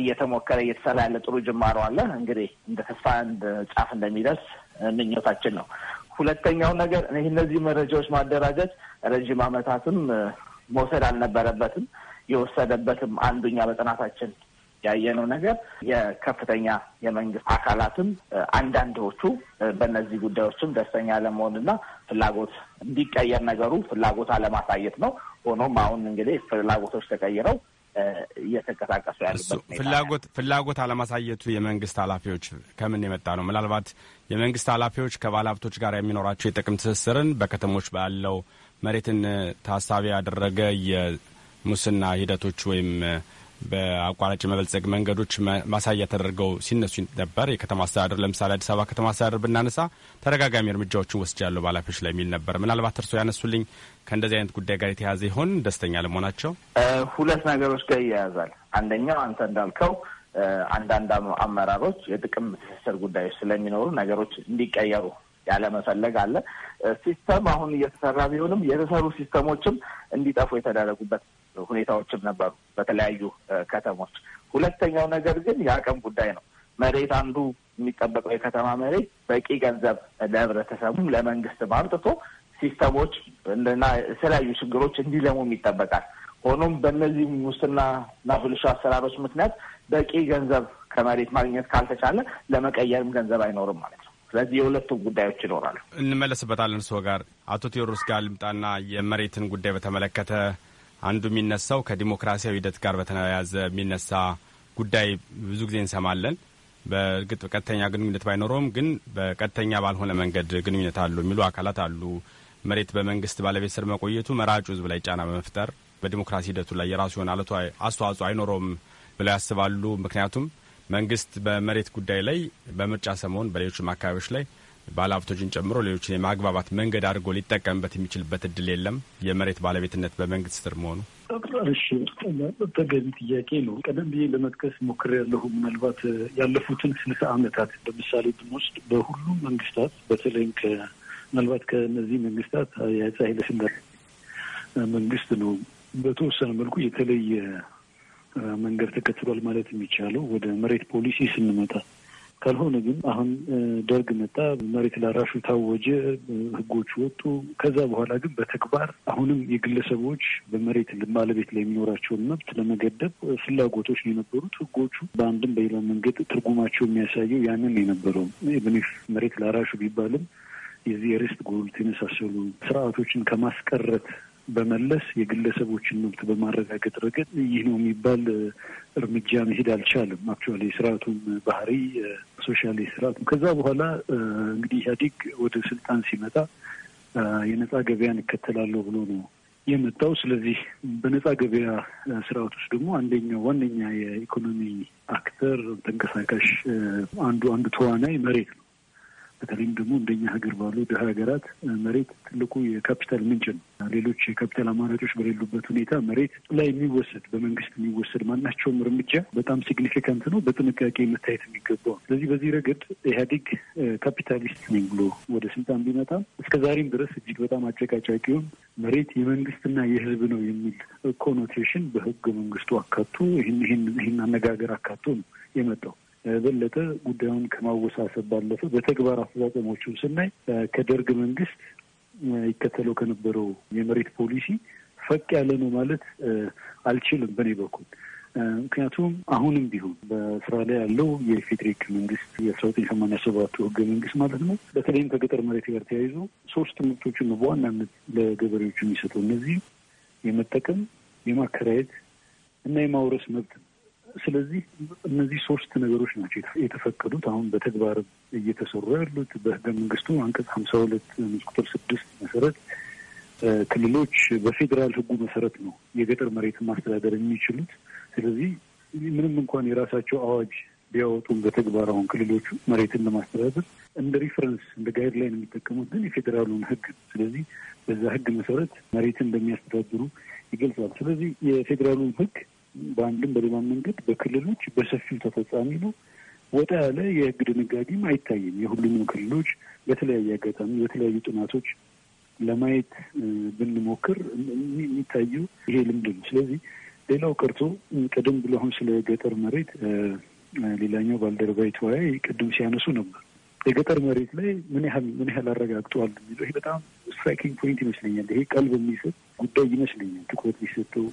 እየተሞከረ እየተሰራ ያለ ጥሩ ጅማሮ አለ። እንግዲህ እንደ ተስፋ እንደ ጫፍ እንደሚደርስ ምኞታችን ነው። ሁለተኛው ነገር እነዚህ መረጃዎች ማደራጀት ረዥም ዓመታትም መውሰድ አልነበረበትም። የወሰደበትም አንዱኛ በጥናታችን ያየነው ነገር የከፍተኛ የመንግስት አካላትም አንዳንዶቹ በእነዚህ ጉዳዮችም ደስተኛ አለመሆንና ፍላጎት እንዲቀየር ነገሩ ፍላጎት አለማሳየት ነው። ሆኖም አሁን እንግዲህ ፍላጎቶች ተቀይረው እየተንቀሳቀሱ ያሉበት ፍላጎት ፍላጎት አለማሳየቱ የመንግስት ኃላፊዎች ከምን የመጣ ነው? ምናልባት የመንግስት ኃላፊዎች ሀብቶች ጋር የሚኖራቸው የጥቅም ትስስርን በከተሞች ባለው መሬትን ታሳቢ ያደረገ ሙስና ሂደቶች ወይም በአቋራጭ የመበልጸግ መንገዶች ማሳያ ተደርገው ሲነሱ ነበር። የከተማ አስተዳደር ለምሳሌ አዲስ አበባ ከተማ አስተዳደር ብናነሳ ተደጋጋሚ እርምጃዎችን ወስጃለሁ ባላፊዎች ላይ የሚል ነበር። ምናልባት እርስዎ ያነሱልኝ ከእንደዚህ አይነት ጉዳይ ጋር የተያያዘ ይሆን? ደስተኛ ለመሆናቸው ሁለት ነገሮች ጋር ይያያዛል። አንደኛው አንተ እንዳልከው አንዳንድ አመራሮች የጥቅም ትስስር ጉዳዮች ስለሚኖሩ ነገሮች እንዲቀየሩ ያለመፈለግ አለ። ሲስተም አሁን እየተሰራ ቢሆንም የተሰሩ ሲስተሞችም እንዲጠፉ የተደረጉበት ሁኔታዎችም ነበሩ በተለያዩ ከተሞች። ሁለተኛው ነገር ግን የአቅም ጉዳይ ነው። መሬት አንዱ የሚጠበቀው የከተማ መሬት በቂ ገንዘብ ለህብረተሰቡም ለመንግስትም አምጥቶ ሲስተሞች እና የተለያዩ ችግሮች እንዲለሙም ይጠበቃል። ሆኖም በእነዚህ ሙስናና ብልሹ አሰራሮች ምክንያት በቂ ገንዘብ ከመሬት ማግኘት ካልተቻለ ለመቀየርም ገንዘብ አይኖርም ማለት ነው። ስለዚህ የሁለቱም ጉዳዮች ይኖራሉ። እንመለስበታለን። እርስዎ ጋር አቶ ቴዎድሮስ ጋር ልምጣና የመሬትን ጉዳይ በተመለከተ አንዱ የሚነሳው ከዲሞክራሲያዊ ሂደት ጋር በተያያዘ የሚነሳ ጉዳይ ብዙ ጊዜ እንሰማለን። በእርግጥ በቀጥተኛ ግንኙነት ባይኖረውም ግን በቀጥተኛ ባልሆነ መንገድ ግንኙነት አሉ የሚሉ አካላት አሉ። መሬት በመንግስት ባለቤት ስር መቆየቱ መራጩ ህዝብ ላይ ጫና በመፍጠር በዲሞክራሲ ሂደቱ ላይ የራሱ የሆነ አስተዋጽኦ አይኖረውም ብለው ያስባሉ። ምክንያቱም መንግስት በመሬት ጉዳይ ላይ በምርጫ ሰሞን በሌሎችም አካባቢዎች ላይ ባለሀብቶችን ጨምሮ ሌሎችን የማግባባት መንገድ አድርጎ ሊጠቀምበት የሚችልበት እድል የለም። የመሬት ባለቤትነት በመንግስት ስር መሆኑ እሺ፣ ተገቢ ጥያቄ ነው። ቀደም ብዬ ለመጥቀስ ያለሁ ምናልባት ያለፉትን ስልሳ ዓመታት ለምሳሌ ብንወስድ በሁሉም መንግስታት በተለይም ምናልባት ከእነዚህ መንግስታት የአፄ ኃይለሥላሴ መንግስት ነው በተወሰነ መልኩ የተለየ መንገድ ተከትሏል ማለት የሚቻለው። ወደ መሬት ፖሊሲ ስንመጣ ካልሆነ ግን አሁን ደርግ መጣ፣ መሬት ላራሹ ታወጀ፣ ህጎች ወጡ። ከዛ በኋላ ግን በተግባር አሁንም የግለሰቦች በመሬት ባለቤት ላይ የሚኖራቸውን መብት ለመገደብ ፍላጎቶች ነው የነበሩት። ህጎቹ በአንድም በሌላ መንገድ ትርጉማቸው የሚያሳየው ያንን የነበረው ብኒፍ መሬት ላራሹ ቢባልም የዚህ የርስት ጎልት የመሳሰሉ ስርዓቶችን ከማስቀረት በመለስ የግለሰቦችን መብት በማረጋገጥ ረገድ ይህ ነው የሚባል እርምጃ መሄድ አልቻለም። አክቹዋሊ የስርዓቱም ባህሪ ሶሻል ስርአቱም ከዛ በኋላ እንግዲህ ኢህአዴግ ወደ ስልጣን ሲመጣ የነጻ ገበያን እከተላለሁ ብሎ ነው የመጣው። ስለዚህ በነጻ ገበያ ስርአት ውስጥ ደግሞ አንደኛው ዋነኛ የኢኮኖሚ አክተር ተንቀሳቃሽ አንዱ አንዱ ተዋናይ መሬት ነው። በተለይም ደግሞ እንደኛ ሀገር ባሉ ድሀ ሀገራት መሬት ትልቁ የካፒታል ምንጭ ነው። ሌሎች የካፒታል አማራጮች በሌሉበት ሁኔታ መሬት ላይ የሚወሰድ በመንግስት የሚወሰድ ማናቸውም እርምጃ በጣም ሲግኒፊካንት ነው፣ በጥንቃቄ መታየት የሚገባው። ስለዚህ በዚህ ረገድ ኢህአዴግ ካፒታሊስት ነኝ ብሎ ወደ ስልጣን ቢመጣም እስከ ዛሬም ድረስ እጅግ በጣም አጨቃጫቂውን መሬት የመንግስትና የህዝብ ነው የሚል ኮኖቴሽን በህገ መንግስቱ አካቶ ይህን ይህን አነጋገር አካቶ ነው የመጣው። የበለጠ ጉዳዩን ከማወሳሰብ ባለፈ በተግባር አፈጻጸሞቹን ስናይ ከደርግ መንግስት ይከተለው ከነበረው የመሬት ፖሊሲ ፈቅ ያለ ነው ማለት አልችልም በእኔ በኩል። ምክንያቱም አሁንም ቢሆን በስራ ላይ ያለው የፌዴሪክ መንግስት የአስራ ዘጠኝ ሰማንያ ሰባቱ ህገ መንግስት ማለት ነው። በተለይም ከገጠር መሬት ጋር ተያይዞ ሶስት መብቶችን ነው በዋናነት ለገበሬዎች የሚሰጠው። እነዚህ የመጠቀም፣ የማከራየት እና የማውረስ መብት ስለዚህ እነዚህ ሶስት ነገሮች ናቸው የተፈቀዱት አሁን በተግባር እየተሰሩ ያሉት። በህገ መንግስቱ አንቀጽ ሀምሳ ሁለት ንዑስ ቁጥር ስድስት መሰረት ክልሎች በፌዴራል ህጉ መሰረት ነው የገጠር መሬትን ማስተዳደር የሚችሉት። ስለዚህ ምንም እንኳን የራሳቸው አዋጅ ቢያወጡም በተግባር አሁን ክልሎቹ መሬትን ለማስተዳደር እንደ ሪፈረንስ እንደ ጋይድላይን የሚጠቀሙት ግን የፌዴራሉን ህግ ስለዚህ በዛ ህግ መሰረት መሬትን እንደሚያስተዳድሩ ይገልጻል። ስለዚህ የፌዴራሉን ህግ በአንድም በሌላ መንገድ በክልሎች በሰፊው ተፈጻሚ ነው። ወጣ ያለ የህግ ድንጋጌም አይታይም። የሁሉንም ክልሎች በተለያየ አጋጣሚ በተለያዩ ጥናቶች ለማየት ብንሞክር የሚታየው ይሄ ልምድ ነው። ስለዚህ ሌላው ቀርቶ ቅድም ብሎ አሁን ስለ ገጠር መሬት ሌላኛው ባልደረባ ተወያይ ቅድም ሲያነሱ ነበር የገጠር መሬት ላይ ምን ያህል ምን ያህል አረጋግጠዋል የሚለው ይሄ በጣም ስትራይኪንግ ፖይንት ይመስለኛል። ይሄ ቀልብ የሚሰጥ ጉዳይ ይመስለኛል። ትኩረት ሊሰጠው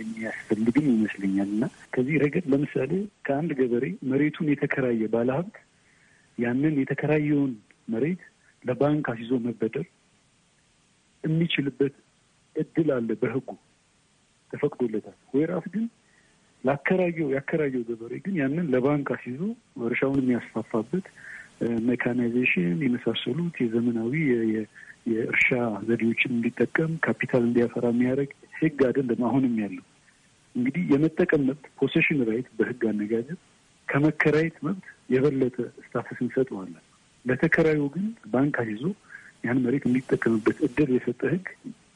የሚያስፈልግም ይመስለኛል። እና ከዚህ ረገድ ለምሳሌ ከአንድ ገበሬ መሬቱን የተከራየ ባለሀብት ያንን የተከራየውን መሬት ለባንክ አስይዞ መበደር የሚችልበት እድል አለ። በህጉ ተፈቅዶለታል ወይ ራስ ግን ላከራየው ያከራየው ገበሬ ግን ያንን ለባንክ አስይዞ እርሻውን የሚያስፋፋበት ሜካናይዜሽን የመሳሰሉት የዘመናዊ የእርሻ ዘዴዎችን እንዲጠቀም ካፒታል እንዲያፈራ የሚያደርግ ህግ አይደለም አሁንም ያለው። እንግዲህ የመጠቀም መብት ፖሴሽን ራይት በህግ አነጋገር ከመከራየት መብት የበለጠ ስታተስ እንሰጠዋለን። ለተከራዩ ግን ባንክ አስይዞ ያን መሬት የሚጠቀምበት እድል የሰጠ ህግ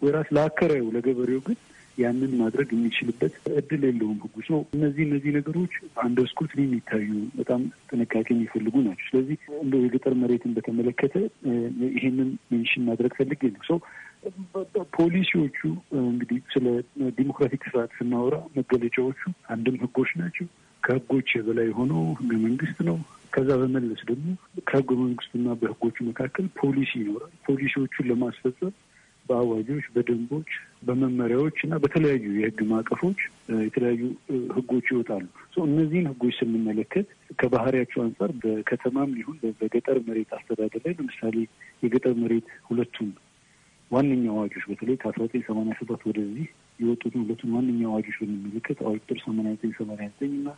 ወይራስ ለአከራዩ ለገበሬው ግን ያንን ማድረግ የሚችልበት እድል የለውም ህጉ። ሰው እነዚህ እነዚህ ነገሮች አንደር ስኩርትኒ የሚታዩ በጣም ጥንቃቄ የሚፈልጉ ናቸው። ስለዚህ እንደ የገጠር መሬትን በተመለከተ ይሄንን ሜንሽን ማድረግ ፈልጌ ነው። ሰው ፖሊሲዎቹ እንግዲህ ስለ ዲሞክራቲክ ስርዓት ስናወራ መገለጫዎቹ አንድም ህጎች ናቸው። ከህጎች የበላይ የሆነው ህገ መንግስት ነው። ከዛ በመለስ ደግሞ ከህገ መንግስቱና በህጎቹ መካከል ፖሊሲ ይኖራል። ፖሊሲዎቹን ለማስፈጸም በአዋጆች፣ በደንቦች፣ በመመሪያዎች እና በተለያዩ የህግ ማዕቀፎች የተለያዩ ህጎች ይወጣሉ። እነዚህን ህጎች ስንመለከት ከባህሪያቸው አንጻር በከተማም ሊሆን በገጠር መሬት አስተዳደር ላይ ለምሳሌ የገጠር መሬት ሁለቱን ዋነኛ አዋጆች በተለይ ከአስራ ዘጠኝ ሰማንያ ሰባት ወደዚህ የወጡትን ሁለቱን ዋነኛ አዋጆች ብንመለከት አዋጅ ቁጥር ሰማንያ ዘጠኝ ሰማንያ ዘጠኝ እና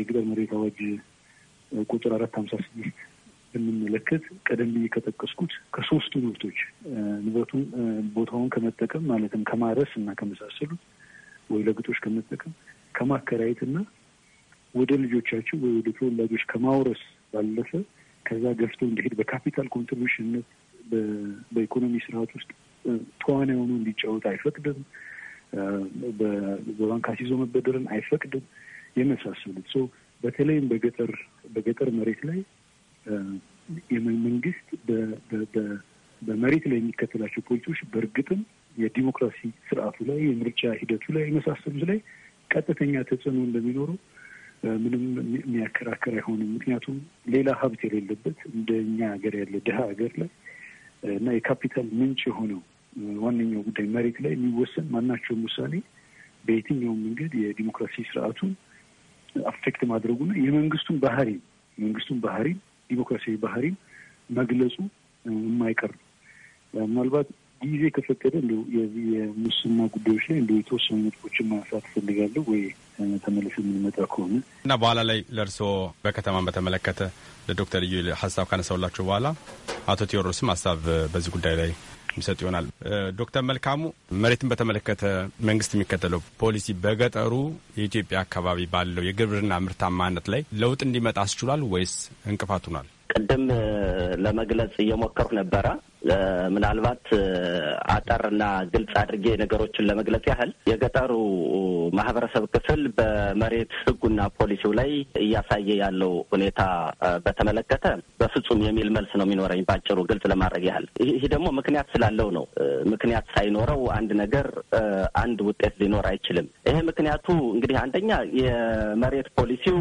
የገጠር መሬት አዋጅ ቁጥር አራት ሀምሳ ስድስት ብንመለከት ቀደም ብዬ ከጠቀስኩት ከሶስቱ መብቶች ንብረቱን ቦታውን ከመጠቀም ማለትም ከማረስ እና ከመሳሰሉት ወይ ለግጦሽ ከመጠቀም ከማከራየት እና ወደ ልጆቻቸው ወይ ወደ ተወላጆች ከማውረስ ባለፈ ከዛ ገፍቶ እንዲሄድ በካፒታል ኮንትሪቢሽንነት በኢኮኖሚ ስርዓት ውስጥ ተዋናይ ሆኖ እንዲጫወት አይፈቅድም። በባንክ አስይዞ መበደርን አይፈቅድም። የመሳሰሉት በተለይም በገጠር በገጠር መሬት ላይ የመንግስት በመሬት ላይ የሚከተላቸው ፖሊሲዎች በእርግጥም የዲሞክራሲ ስርዓቱ ላይ የምርጫ ሂደቱ ላይ የመሳሰሉት ላይ ቀጥተኛ ተጽዕኖ እንደሚኖሩ ምንም የሚያከራከር አይሆንም። ምክንያቱም ሌላ ሀብት የሌለበት እንደ እኛ ሀገር ያለ ድሀ ሀገር ላይ እና የካፒታል ምንጭ የሆነው ዋነኛው ጉዳይ መሬት ላይ የሚወሰን ማናቸውም ውሳኔ በየትኛውም መንገድ የዲሞክራሲ ስርዓቱን አፌክት ማድረጉና የመንግስቱን ባህሪ መንግስቱን ባህሪን ዲሞክራሲያዊ ባህሪን መግለጹ የማይቀር ነው። ምናልባት ጊዜ ከፈቀደ እንደው የሙስና ጉዳዮች ላይ እንደው የተወሰኑ ነጥቦችን ማንሳት እፈልጋለሁ ወይ ተመልሶ የምንመጣ ከሆነ እና በኋላ ላይ ለእርስዎ በከተማን በተመለከተ ለዶክተር ልዩ ሀሳብ ካነሳውላቸው በኋላ አቶ ቴዎድሮስም ሀሳብ በዚህ ጉዳይ ላይ የሚሰጥ ይሆናል። ዶክተር መልካሙ መሬትን በተመለከተ መንግስት የሚከተለው ፖሊሲ በገጠሩ የኢትዮጵያ አካባቢ ባለው የግብርና ምርታማነት ላይ ለውጥ እንዲመጣ አስችሏል ወይስ እንቅፋት ሆኗል? ቅድም ለመግለጽ እየሞከሩ ነበረ። ምናልባት አጠርና ግልጽ አድርጌ ነገሮችን ለመግለጽ ያህል የገጠሩ ማህበረሰብ ክፍል በመሬት ሕጉና ፖሊሲው ላይ እያሳየ ያለው ሁኔታ በተመለከተ በፍጹም የሚል መልስ ነው የሚኖረኝ ባጭሩ ግልጽ ለማድረግ ያህል። ይህ ደግሞ ምክንያት ስላለው ነው። ምክንያት ሳይኖረው አንድ ነገር አንድ ውጤት ሊኖር አይችልም። ይሄ ምክንያቱ እንግዲህ አንደኛ የመሬት ፖሊሲው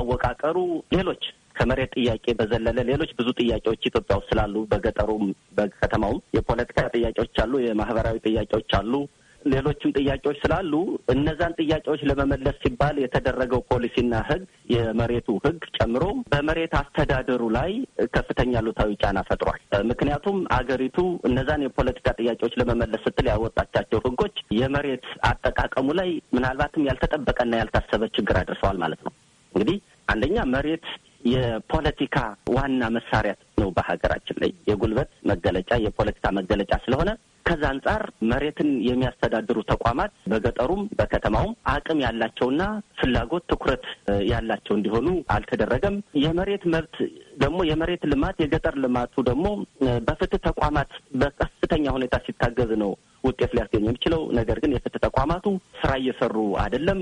አወቃቀሩ፣ ሌሎች ከመሬት ጥያቄ በዘለለ ሌሎች ብዙ ጥያቄዎች ኢትዮጵያ ውስጥ ስላሉ በገጠሩም በከተማውም የፖለቲካ ጥያቄዎች አሉ፣ የማህበራዊ ጥያቄዎች አሉ፣ ሌሎችም ጥያቄዎች ስላሉ እነዛን ጥያቄዎች ለመመለስ ሲባል የተደረገው ፖሊሲና ህግ የመሬቱ ህግ ጨምሮ በመሬት አስተዳደሩ ላይ ከፍተኛ አሉታዊ ጫና ፈጥሯል። ምክንያቱም አገሪቱ እነዛን የፖለቲካ ጥያቄዎች ለመመለስ ስትል ያወጣቻቸው ህጎች የመሬት አጠቃቀሙ ላይ ምናልባትም ያልተጠበቀና ያልታሰበ ችግር አድርሰዋል ማለት ነው። እንግዲህ አንደኛ መሬት የፖለቲካ ዋና መሳሪያ ነው። በሀገራችን ላይ የጉልበት መገለጫ፣ የፖለቲካ መገለጫ ስለሆነ ከዛ አንጻር መሬትን የሚያስተዳድሩ ተቋማት በገጠሩም በከተማውም አቅም ያላቸውና ፍላጎት ትኩረት ያላቸው እንዲሆኑ አልተደረገም። የመሬት መብት ደግሞ የመሬት ልማት የገጠር ልማቱ ደግሞ በፍትህ ተቋማት በከፍተኛ ሁኔታ ሲታገዝ ነው ውጤት ሊያስገኝ የሚችለው። ነገር ግን የፍትህ ተቋማቱ ስራ እየሰሩ አይደለም።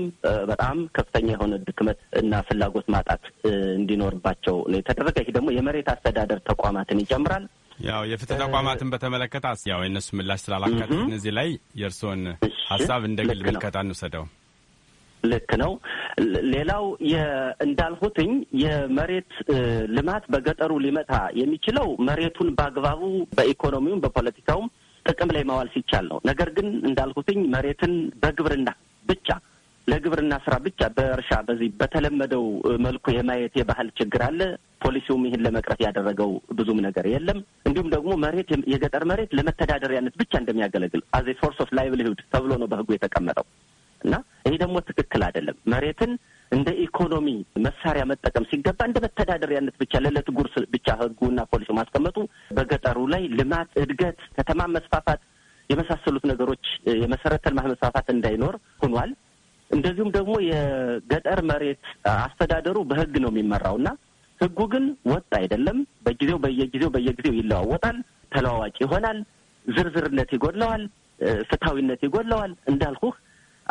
በጣም ከፍተኛ የሆነ ድክመት እና ፍላጎት ማጣት እንዲኖርባቸው ነው የተደረገ። ይህ ደግሞ የመሬት አስተዳደር ተቋማትን ይጨምራል። ያው የፍትህ ተቋማትን በተመለከተ ያው የእነሱ ምላሽ ስላላካት እነዚህ ላይ የእርስዎን ሀሳብ እንደግል ግል ምልከታ እንውሰደው። ልክ ነው። ሌላው እንዳልሁትኝ የመሬት ልማት በገጠሩ ሊመታ የሚችለው መሬቱን በአግባቡ በኢኮኖሚውም በፖለቲካውም ጥቅም ላይ ማዋል ሲቻል ነው። ነገር ግን እንዳልሁትኝ መሬትን በግብርና ብቻ ለግብርና ስራ ብቻ በእርሻ በዚህ በተለመደው መልኩ የማየት የባህል ችግር አለ። ፖሊሲውም ይህን ለመቅረፍ ያደረገው ብዙም ነገር የለም። እንዲሁም ደግሞ መሬት የገጠር መሬት ለመተዳደሪያነት ብቻ እንደሚያገለግል አዜ ሶርስ ኦፍ ላይቭሊሁድ ተብሎ ነው በህጉ የተቀመጠው። እና ይሄ ደግሞ ትክክል አይደለም። መሬትን እንደ ኢኮኖሚ መሳሪያ መጠቀም ሲገባ እንደ መተዳደሪያነት ብቻ ለዕለት ጉርስ ብቻ ህጉና ፖሊሲ ማስቀመጡ በገጠሩ ላይ ልማት፣ እድገት፣ ከተማ መስፋፋት የመሳሰሉት ነገሮች የመሰረተ ልማት መስፋፋት እንዳይኖር ሆኗል። እንደዚሁም ደግሞ የገጠር መሬት አስተዳደሩ በህግ ነው የሚመራው እና ህጉ ግን ወጥ አይደለም። በጊዜው በየጊዜው በየጊዜው ይለዋወጣል፣ ተለዋዋጭ ይሆናል፣ ዝርዝርነት ይጎድለዋል፣ ፍትሐዊነት ይጎድለዋል። እንዳልኩህ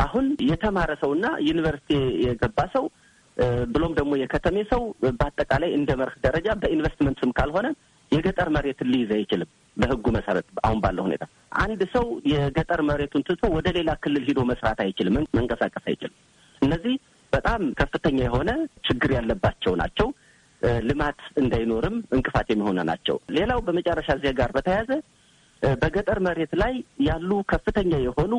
አሁን የተማረ ሰውና ዩኒቨርሲቲ የገባ ሰው ብሎም ደግሞ የከተሜ ሰው በአጠቃላይ እንደ መርህ ደረጃ በኢንቨስትመንት ስም ካልሆነ የገጠር መሬትን ሊይዝ አይችልም። በህጉ መሰረት አሁን ባለው ሁኔታ አንድ ሰው የገጠር መሬቱን ትቶ ወደ ሌላ ክልል ሂዶ መስራት አይችልም፣ መንቀሳቀስ አይችልም። እነዚህ በጣም ከፍተኛ የሆነ ችግር ያለባቸው ናቸው። ልማት እንዳይኖርም እንቅፋት የሚሆነ ናቸው። ሌላው በመጨረሻ እዚያ ጋር በተያያዘ በገጠር መሬት ላይ ያሉ ከፍተኛ የሆኑ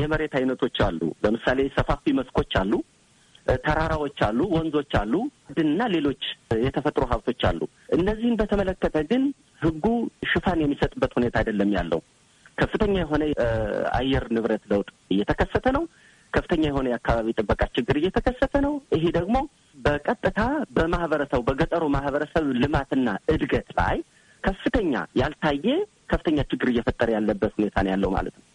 የመሬት አይነቶች አሉ። ለምሳሌ ሰፋፊ መስኮች አሉ፣ ተራራዎች አሉ፣ ወንዞች አሉ እና ሌሎች የተፈጥሮ ሀብቶች አሉ። እነዚህን በተመለከተ ግን ህጉ ሽፋን የሚሰጥበት ሁኔታ አይደለም ያለው። ከፍተኛ የሆነ አየር ንብረት ለውጥ እየተከሰተ ነው። ከፍተኛ የሆነ የአካባቢ ጥበቃ ችግር እየተከሰተ ነው። ይሄ ደግሞ በቀጥታ በማህበረሰቡ በገጠሩ ማህበረሰብ ልማትና እድገት ላይ ከፍተኛ ያልታየ ከፍተኛ ችግር እየፈጠረ ያለበት ሁኔታ ነው ያለው ማለት ነው።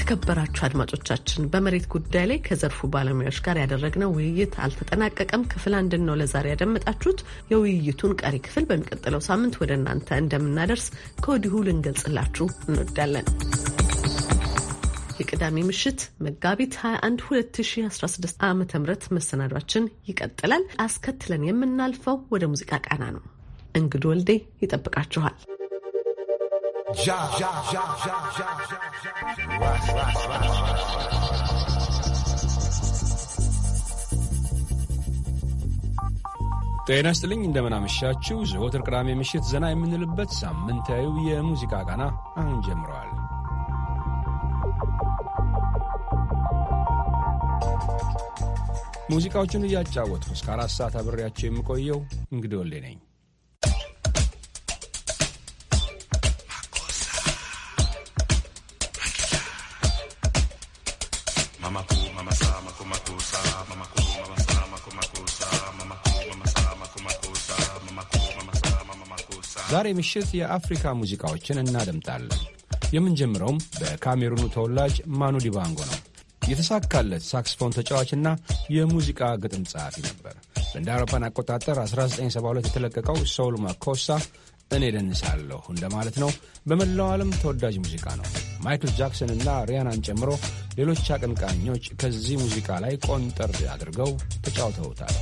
የተከበራችሁ አድማጮቻችን በመሬት ጉዳይ ላይ ከዘርፉ ባለሙያዎች ጋር ያደረግነው ውይይት አልተጠናቀቀም። ክፍል አንድን ነው ለዛሬ ያደመጣችሁት። የውይይቱን ቀሪ ክፍል በሚቀጥለው ሳምንት ወደ እናንተ እንደምናደርስ ከወዲሁ ልንገልጽላችሁ እንወዳለን። የቅዳሜ ምሽት መጋቢት 21 2016 ዓ ም መሰናዷችን ይቀጥላል። አስከትለን የምናልፈው ወደ ሙዚቃ ቃና ነው። እንግድ ወልዴ ይጠብቃችኋል። Já, já, já, já, já, já, já. rock, rock, ጤና ስጥልኝ እንደምናመሻችው ዘወትር ቅዳሜ ምሽት ዘና የምንልበት ሳምንታዊው የሙዚቃ ቃና አሁን ጀምረዋል። ሙዚቃዎቹን እያጫወትኩ እስከ አራት ሰዓት አብሬያቸው የምቆየው እንግዲህ ወሌ ነኝ። ዛሬ ምሽት የአፍሪካ ሙዚቃዎችን እናደምጣለን። የምንጀምረውም በካሜሩኑ ተወላጅ ማኑ ዲባንጎ ነው። የተሳካለት ሳክስፎን ተጫዋችና የሙዚቃ ግጥም ጸሐፊ ነበር። እንደ አውሮፓን አቆጣጠር 1972 የተለቀቀው ሶል ማኮሳ እኔ ደንሳለሁ እንደማለት ነው። በመላው ዓለም ተወዳጅ ሙዚቃ ነው። ማይክል ጃክሰን እና ሪያናን ጨምሮ ሌሎች አቀንቃኞች ከዚህ ሙዚቃ ላይ ቆንጠር አድርገው ተጫውተውታል።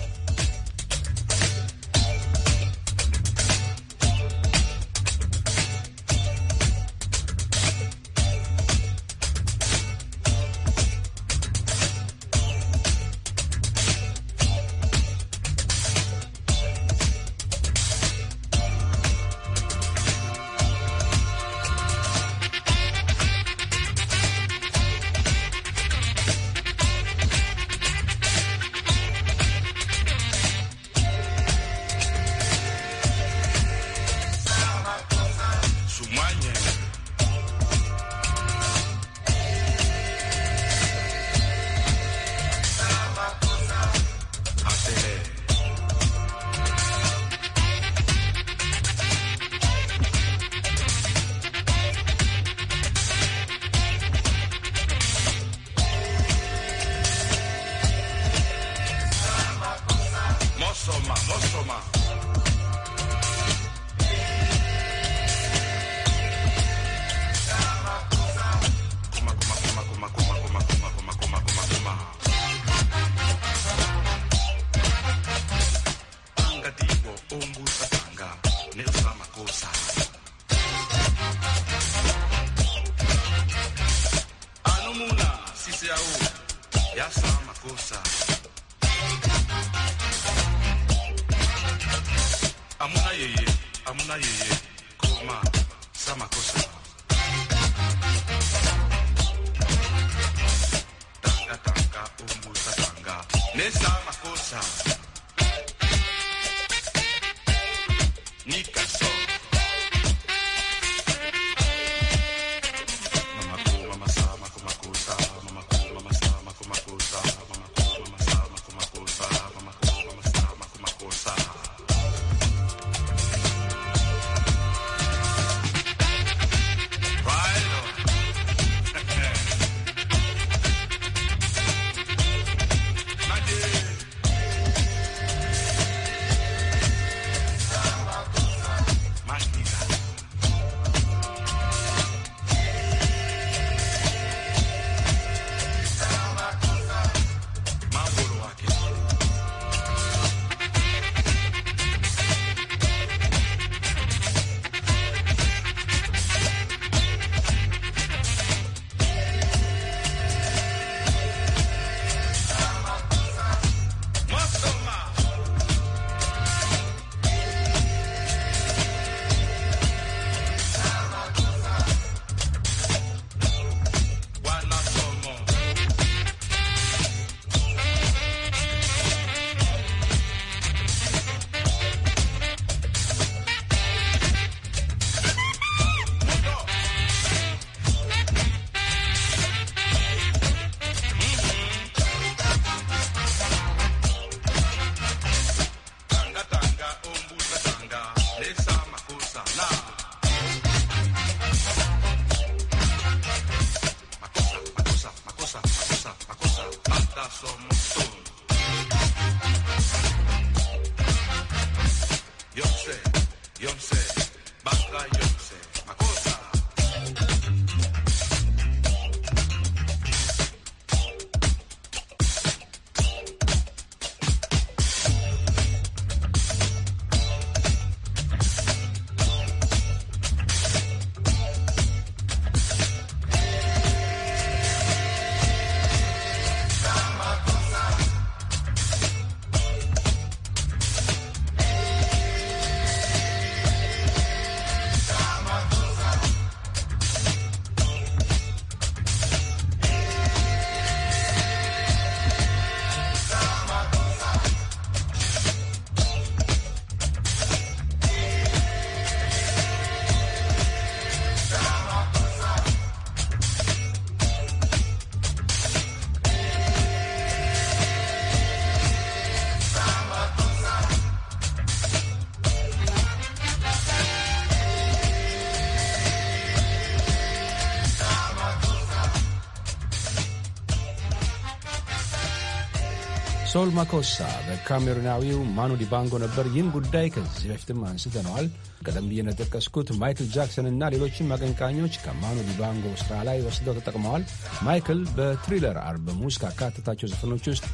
ሶል ማኮሳ በካሜሩናዊው ማኑ ዲባንጎ ነበር። ይህን ጉዳይ ከዚህ በፊትም አንስተነዋል። ቀደም ብዬ እንደጠቀስኩት ማይክል ጃክሰን እና ሌሎችም አቀንቃኞች ከማኑ ዲባንጎ ስራ ላይ ወስደው ተጠቅመዋል። ማይክል በትሪለር አልበም ውስጥ ካካተታቸው ዘፈኖች ውስጥ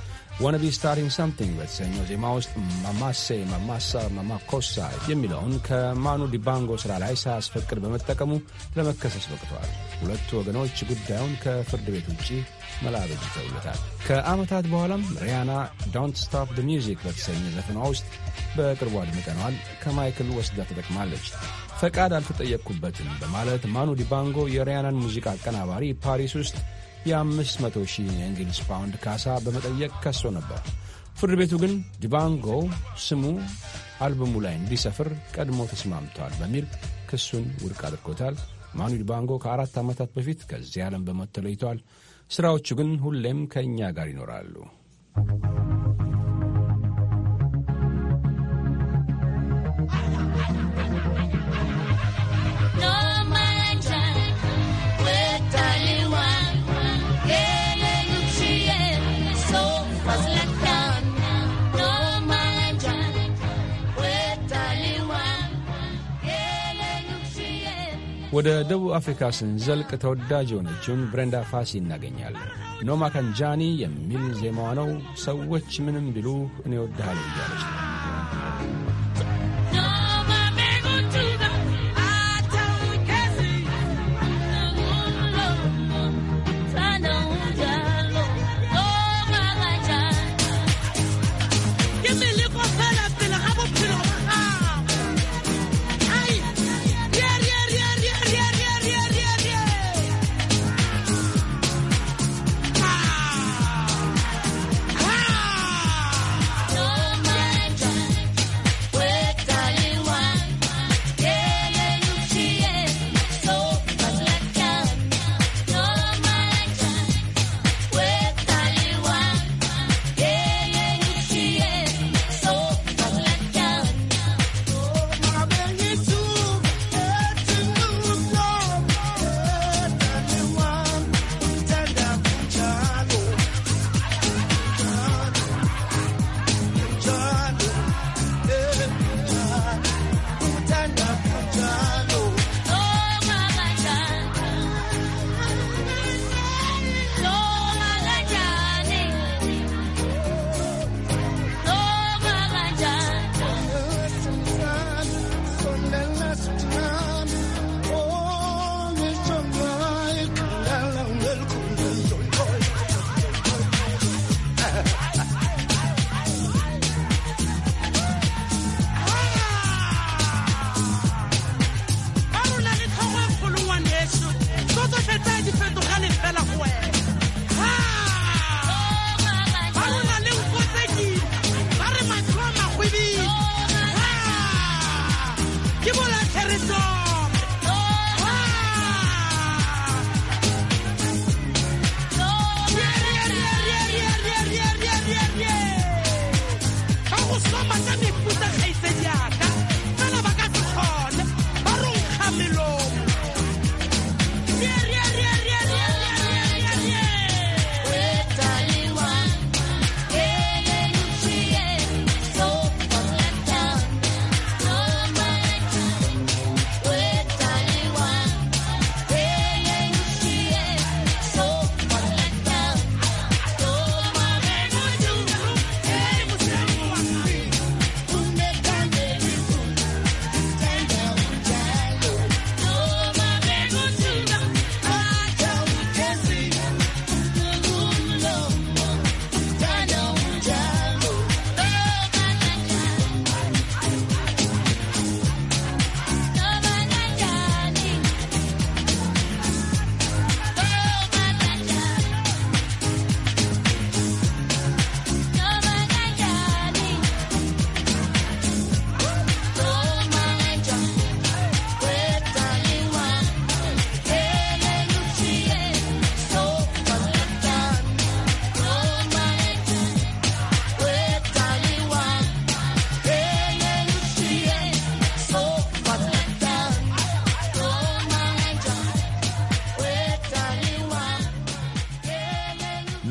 ወነቢ ስታሪንግ ሳምቲንግ በተሰኘው ዜማ ውስጥ ማማሴ ማማሳ ማማኮሳ የሚለውን ከማኑ ዲባንጎ ስራ ላይ ሳያስፈቅድ በመጠቀሙ ለመከሰስ በቅተዋል። ሁለቱ ወገኖች ጉዳዩን ከፍርድ ቤት ውጪ መላበጅ ይተውለታል። ከዓመታት በኋላም ሪያና ዶንት ስታፕ ደ ሚውዚክ በተሰኘ ዘፈኗ ውስጥ በቅርቡ አድምጠነዋል ከማይክል ወስዳ ተጠቅማለች። ፈቃድ አልተጠየቅኩበትም በማለት ማኑ ዲባንጎ የሪያናን ሙዚቃ አቀናባሪ ፓሪስ ውስጥ የአምስት መቶ ሺህ የእንግሊዝ ፓውንድ ካሳ በመጠየቅ ከሶ ነበር። ፍርድ ቤቱ ግን ዲባንጎ ስሙ አልበሙ ላይ እንዲሰፍር ቀድሞ ተስማምተዋል በሚል ክሱን ውድቅ አድርጎታል። ማኑል ባንጎ ከአራት ዓመታት በፊት ከዚህ ዓለም በሞት ተለይተዋል። ሥራዎቹ ግን ሁሌም ከእኛ ጋር ይኖራሉ። ወደ ደቡብ አፍሪካ ስንዘልቅ ተወዳጅ የሆነችውን ብሬንዳ ፋሲ እናገኛለን። ኖማ ከንጃኒ የሚል ዜማዋ ነው። ሰዎች ምንም ቢሉ እኔ ወድሃለሁ እያለች ነው።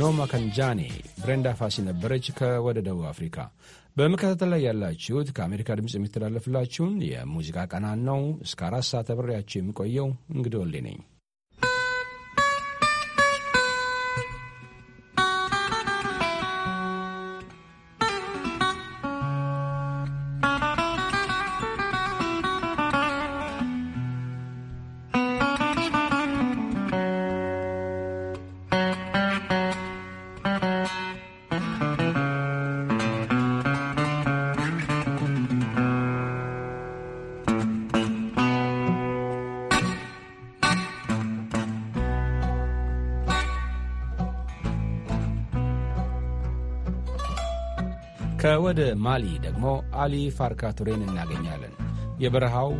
ኖማ ከንጃኔ ብሬንዳ ፋሲ ነበረች ከወደ ደቡብ አፍሪካ። በመከታተል ላይ ያላችሁት ከአሜሪካ ድምፅ የሚተላለፍላችሁን የሙዚቃ ቀናን ነው። እስከ አራት ሰዓት አብሬያችሁ የሚቆየው እንግዲህ ወሌ ነኝ። ወደ ማሊ ደግሞ አሊ ፋርካቱሬን እናገኛለን። የበረሃው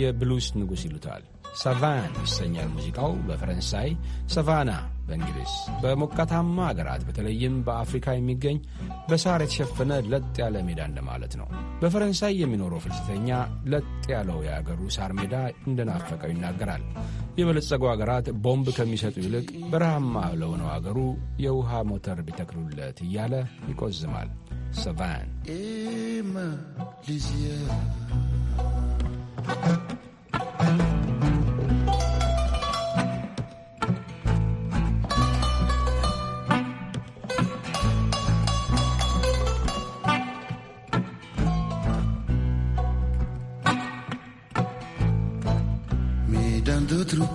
የብሉስ ንጉሥ ይሉታል። ሳቫን ይሰኛል ሙዚቃው በፈረንሳይ ሰቫና በእንግሊዝ በሞቃታማ አገራት በተለይም በአፍሪካ የሚገኝ በሳር የተሸፈነ ለጥ ያለ ሜዳ እንደማለት ነው። በፈረንሳይ የሚኖረው ፍልሰተኛ ለጥ ያለው የአገሩ ሳር ሜዳ እንደናፈቀው ይናገራል። የበለጸጉ አገራት ቦምብ ከሚሰጡ ይልቅ በረሃማ ለሆነው አገሩ የውሃ ሞተር ቢተክሉለት እያለ ይቆዝማል። ሰቫን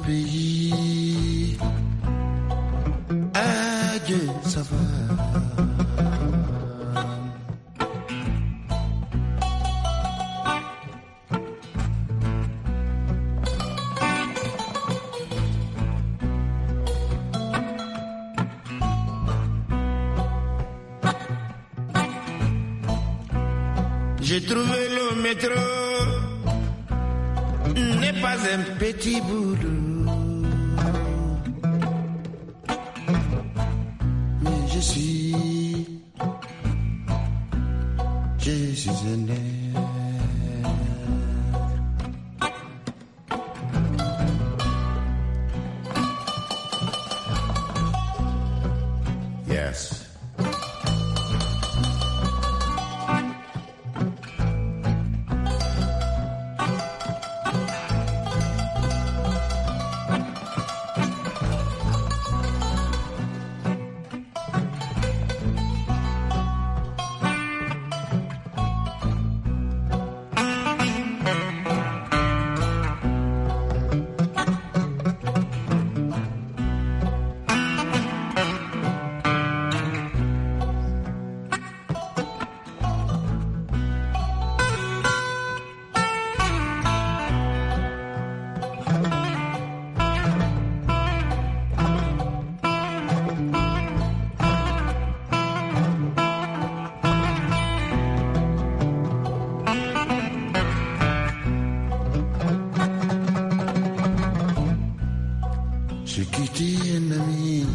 pays in the mí.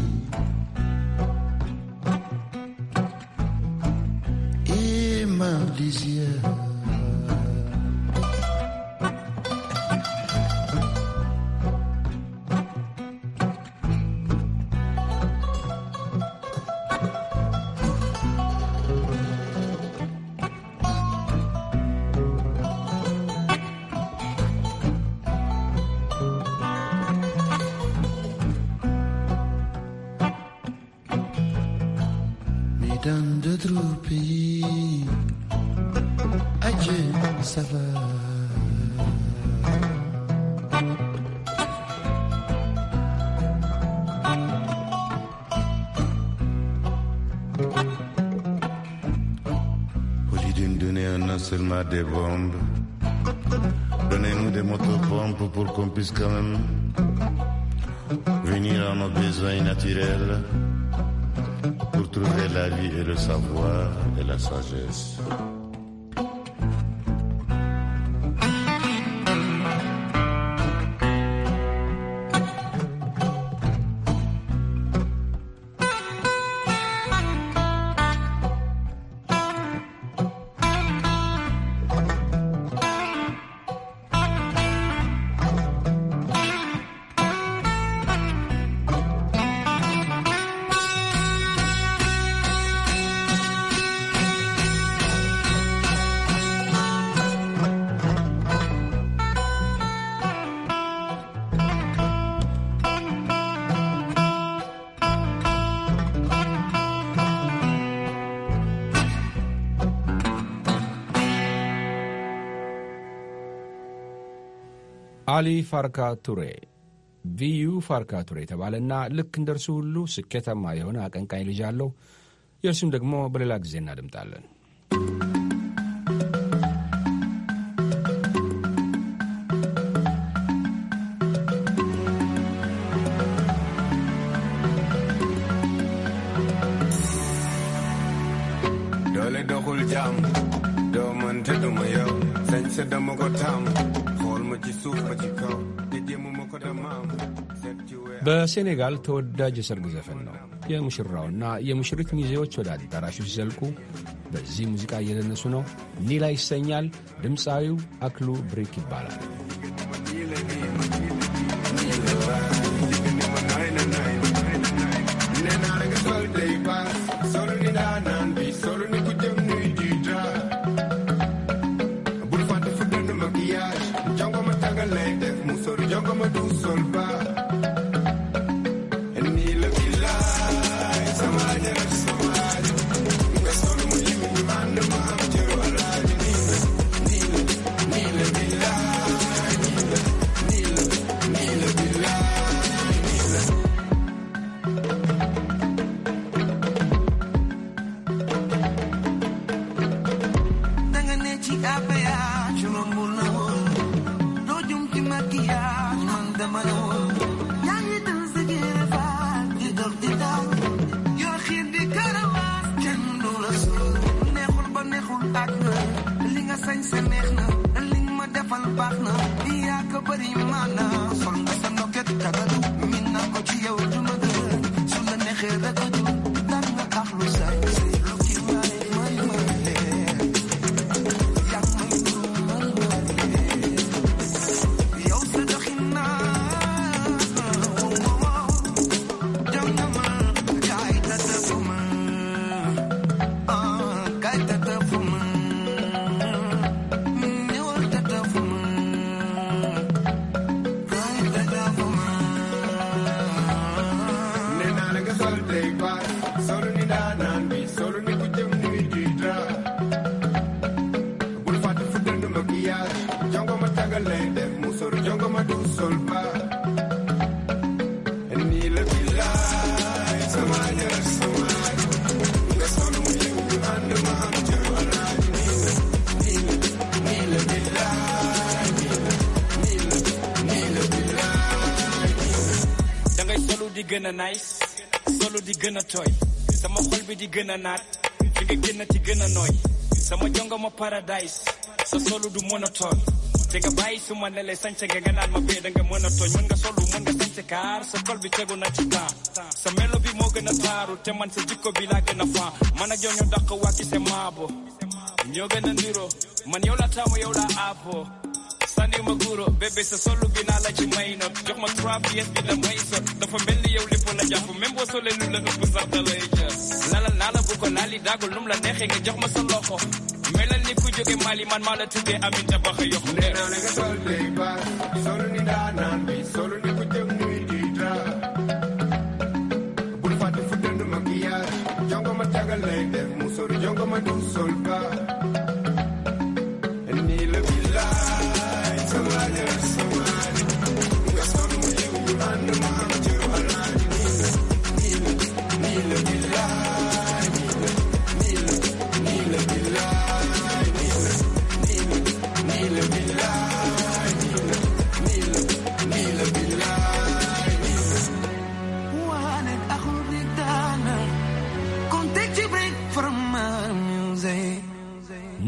won't. አሊ ፋርካ ቱሬ ቪዩ ፋርካ ቱሬ የተባለና ልክ እንደ እርሱ ሁሉ ስኬታማ የሆነ አቀንቃኝ ልጅ አለው። የእርሱም ደግሞ በሌላ ጊዜ እናደምጣለን። dole da huljam domin ta dumu yau sai da mugutam በሴኔጋል ተወዳጅ የሰርግ ዘፈን ነው። የሙሽራውና የሙሽሪት ሚዜዎች ወደ አዳራሹ ሲዘልቁ በዚህ ሙዚቃ እየደነሱ ነው። ኒላ ይሰኛል። ድምፃዊው አክሉ ብሪክ ይባላል። na di gën a naat fi nga génn ci gën a nooy sama jongo ma paradise sa solu du monotone te nga bàyyi su ma ne lay sañse nga nga naan ma bee da nga mën a tooñ mën nga solu mën nga sañse sa kol bi na ci sa melo bi mo gën a taaru te man sa jikko bi laa gën a faa man ak yow ñu dàq waa ki se maabo ñoo gën a man yow la taamu yow la aapoo bébé sa solu bi naa la ci may not jox ma trois pièces bi da may dafa mel ni yow lépp la jàpp même boo solee lu la ëpp sax da lay ko naa li daagul num la neexee nga jox ma sa loxo melal ni ku jóge Mali man maa la tuddee Baxa yox naa la nga sol day solu ni bi solu ni ku jëm bul fàtte fu dënd jongo ma jagal lay mu jongo ma du sol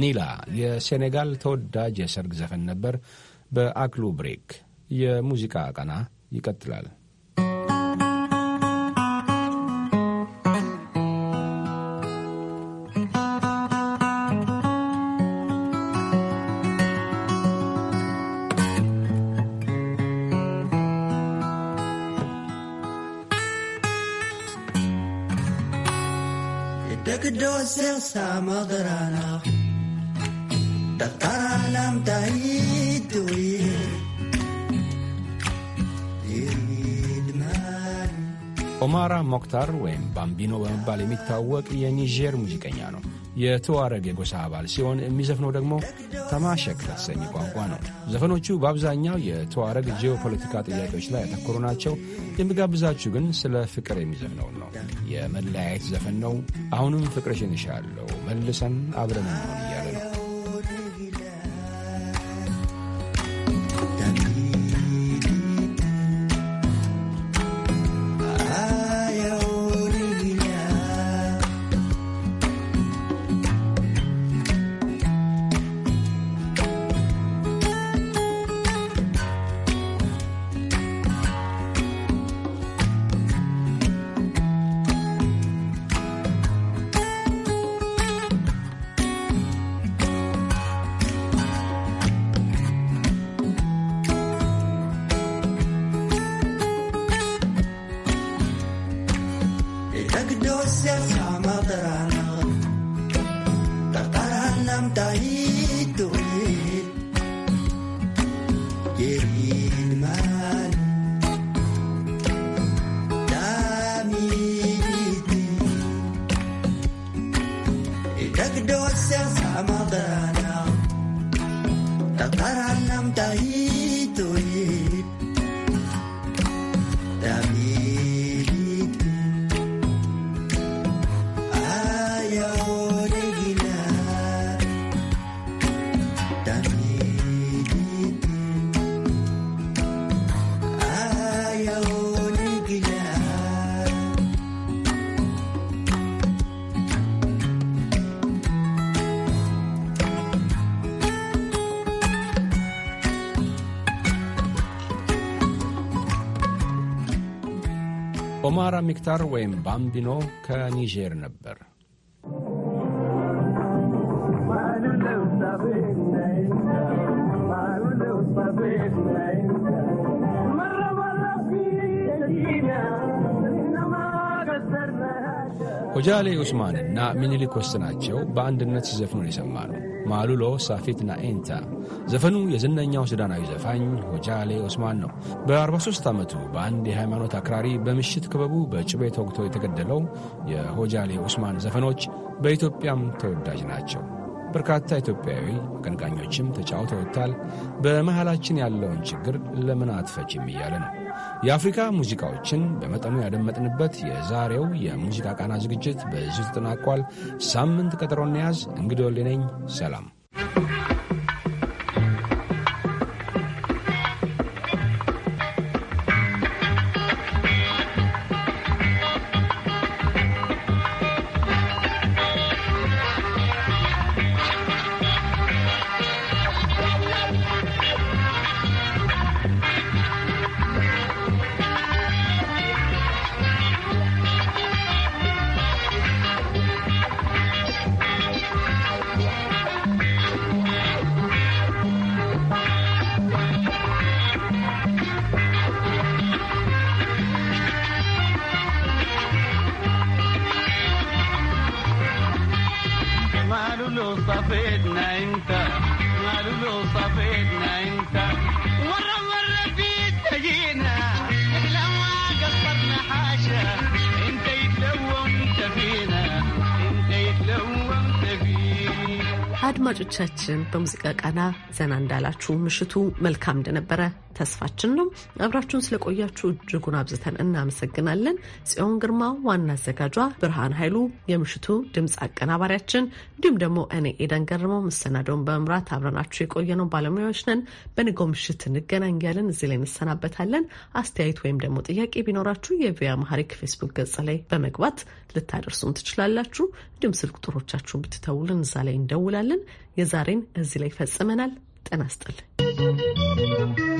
ኒላ የሴኔጋል ተወዳጅ የሰርግ ዘፈን ነበር። በአክሉ ብሬክ የሙዚቃ ቀና ይቀጥላል። ሞክታር ወይም ባምቢኖ በመባል የሚታወቅ የኒጀር ሙዚቀኛ ነው። የተዋረግ የጎሳ አባል ሲሆን የሚዘፍነው ደግሞ ተማሸክ ተሰኝ ቋንቋ ነው። ዘፈኖቹ በአብዛኛው የተዋረግ ጂኦፖለቲካ ጥያቄዎች ላይ ያተኮሩ ናቸው። የሚጋብዛችሁ ግን ስለ ፍቅር የሚዘፍነውን ነው። የመለያየት ዘፈን ነው። አሁንም ፍቅርሽን እሻለሁ መልሰን አብረን ሳራ ሚክታር ወይም ባምቢኖ ከኒጀር ነበር። ሞጃሌ ዑስማንና ሚኒሊክ ወስናቸው በአንድነት ሲዘፍኑን የሰማ ነው። ማሉሎ ሳፊትና ኤንታ ዘፈኑ የዝነኛው ሱዳናዊ ዘፋኝ ሆጃሌ ኦስማን ነው። በ43 ዓመቱ በአንድ የሃይማኖት አክራሪ በምሽት ክበቡ በጩቤ ተወግቶ የተገደለው የሆጃሌ ኦስማን ዘፈኖች በኢትዮጵያም ተወዳጅ ናቸው። በርካታ ኢትዮጵያዊ አቀንቃኞችም ተጫውተውታል። በመሃላችን ያለውን ችግር ለምን አትፈችም እያለ ነው። የአፍሪካ ሙዚቃዎችን በመጠኑ ያደመጥንበት የዛሬው የሙዚቃ ቃና ዝግጅት በዚሁ ተጠናቋል። ሳምንት ቀጠሮ እንያዝ። እንግዲህ ወሌ ነኝ። ሰላም። ዝግጅታችን በሙዚቃ ቃና ዘና እንዳላችሁ ምሽቱ መልካም እንደነበረ ተስፋችን ነው። አብራችሁን ስለቆያችሁ እጅጉን አብዝተን እናመሰግናለን። ጽዮን ግርማ ዋና አዘጋጇ፣ ብርሃን ኃይሉ የምሽቱ ድምፅ አቀናባሪያችን፣ እንዲሁም ደግሞ እኔ ኤደን ገርመው መሰናደውን በመምራት አብረናችሁ የቆየነው ባለሙያዎች ነን። በንጋው ምሽት እንገናኛለን። እዚህ ላይ እንሰናበታለን። አስተያየት ወይም ደግሞ ጥያቄ ቢኖራችሁ የቪያ ማሐሪክ ፌስቡክ ገጽ ላይ በመግባት ልታደርሱን ትችላላችሁ። እንዲሁም ስልክ ቁጥሮቻችሁን ብትተውልን እዛ ላይ እንደውላለን። የዛሬን እዚህ ላይ ፈጽመናል። ጤና ይስጥልን።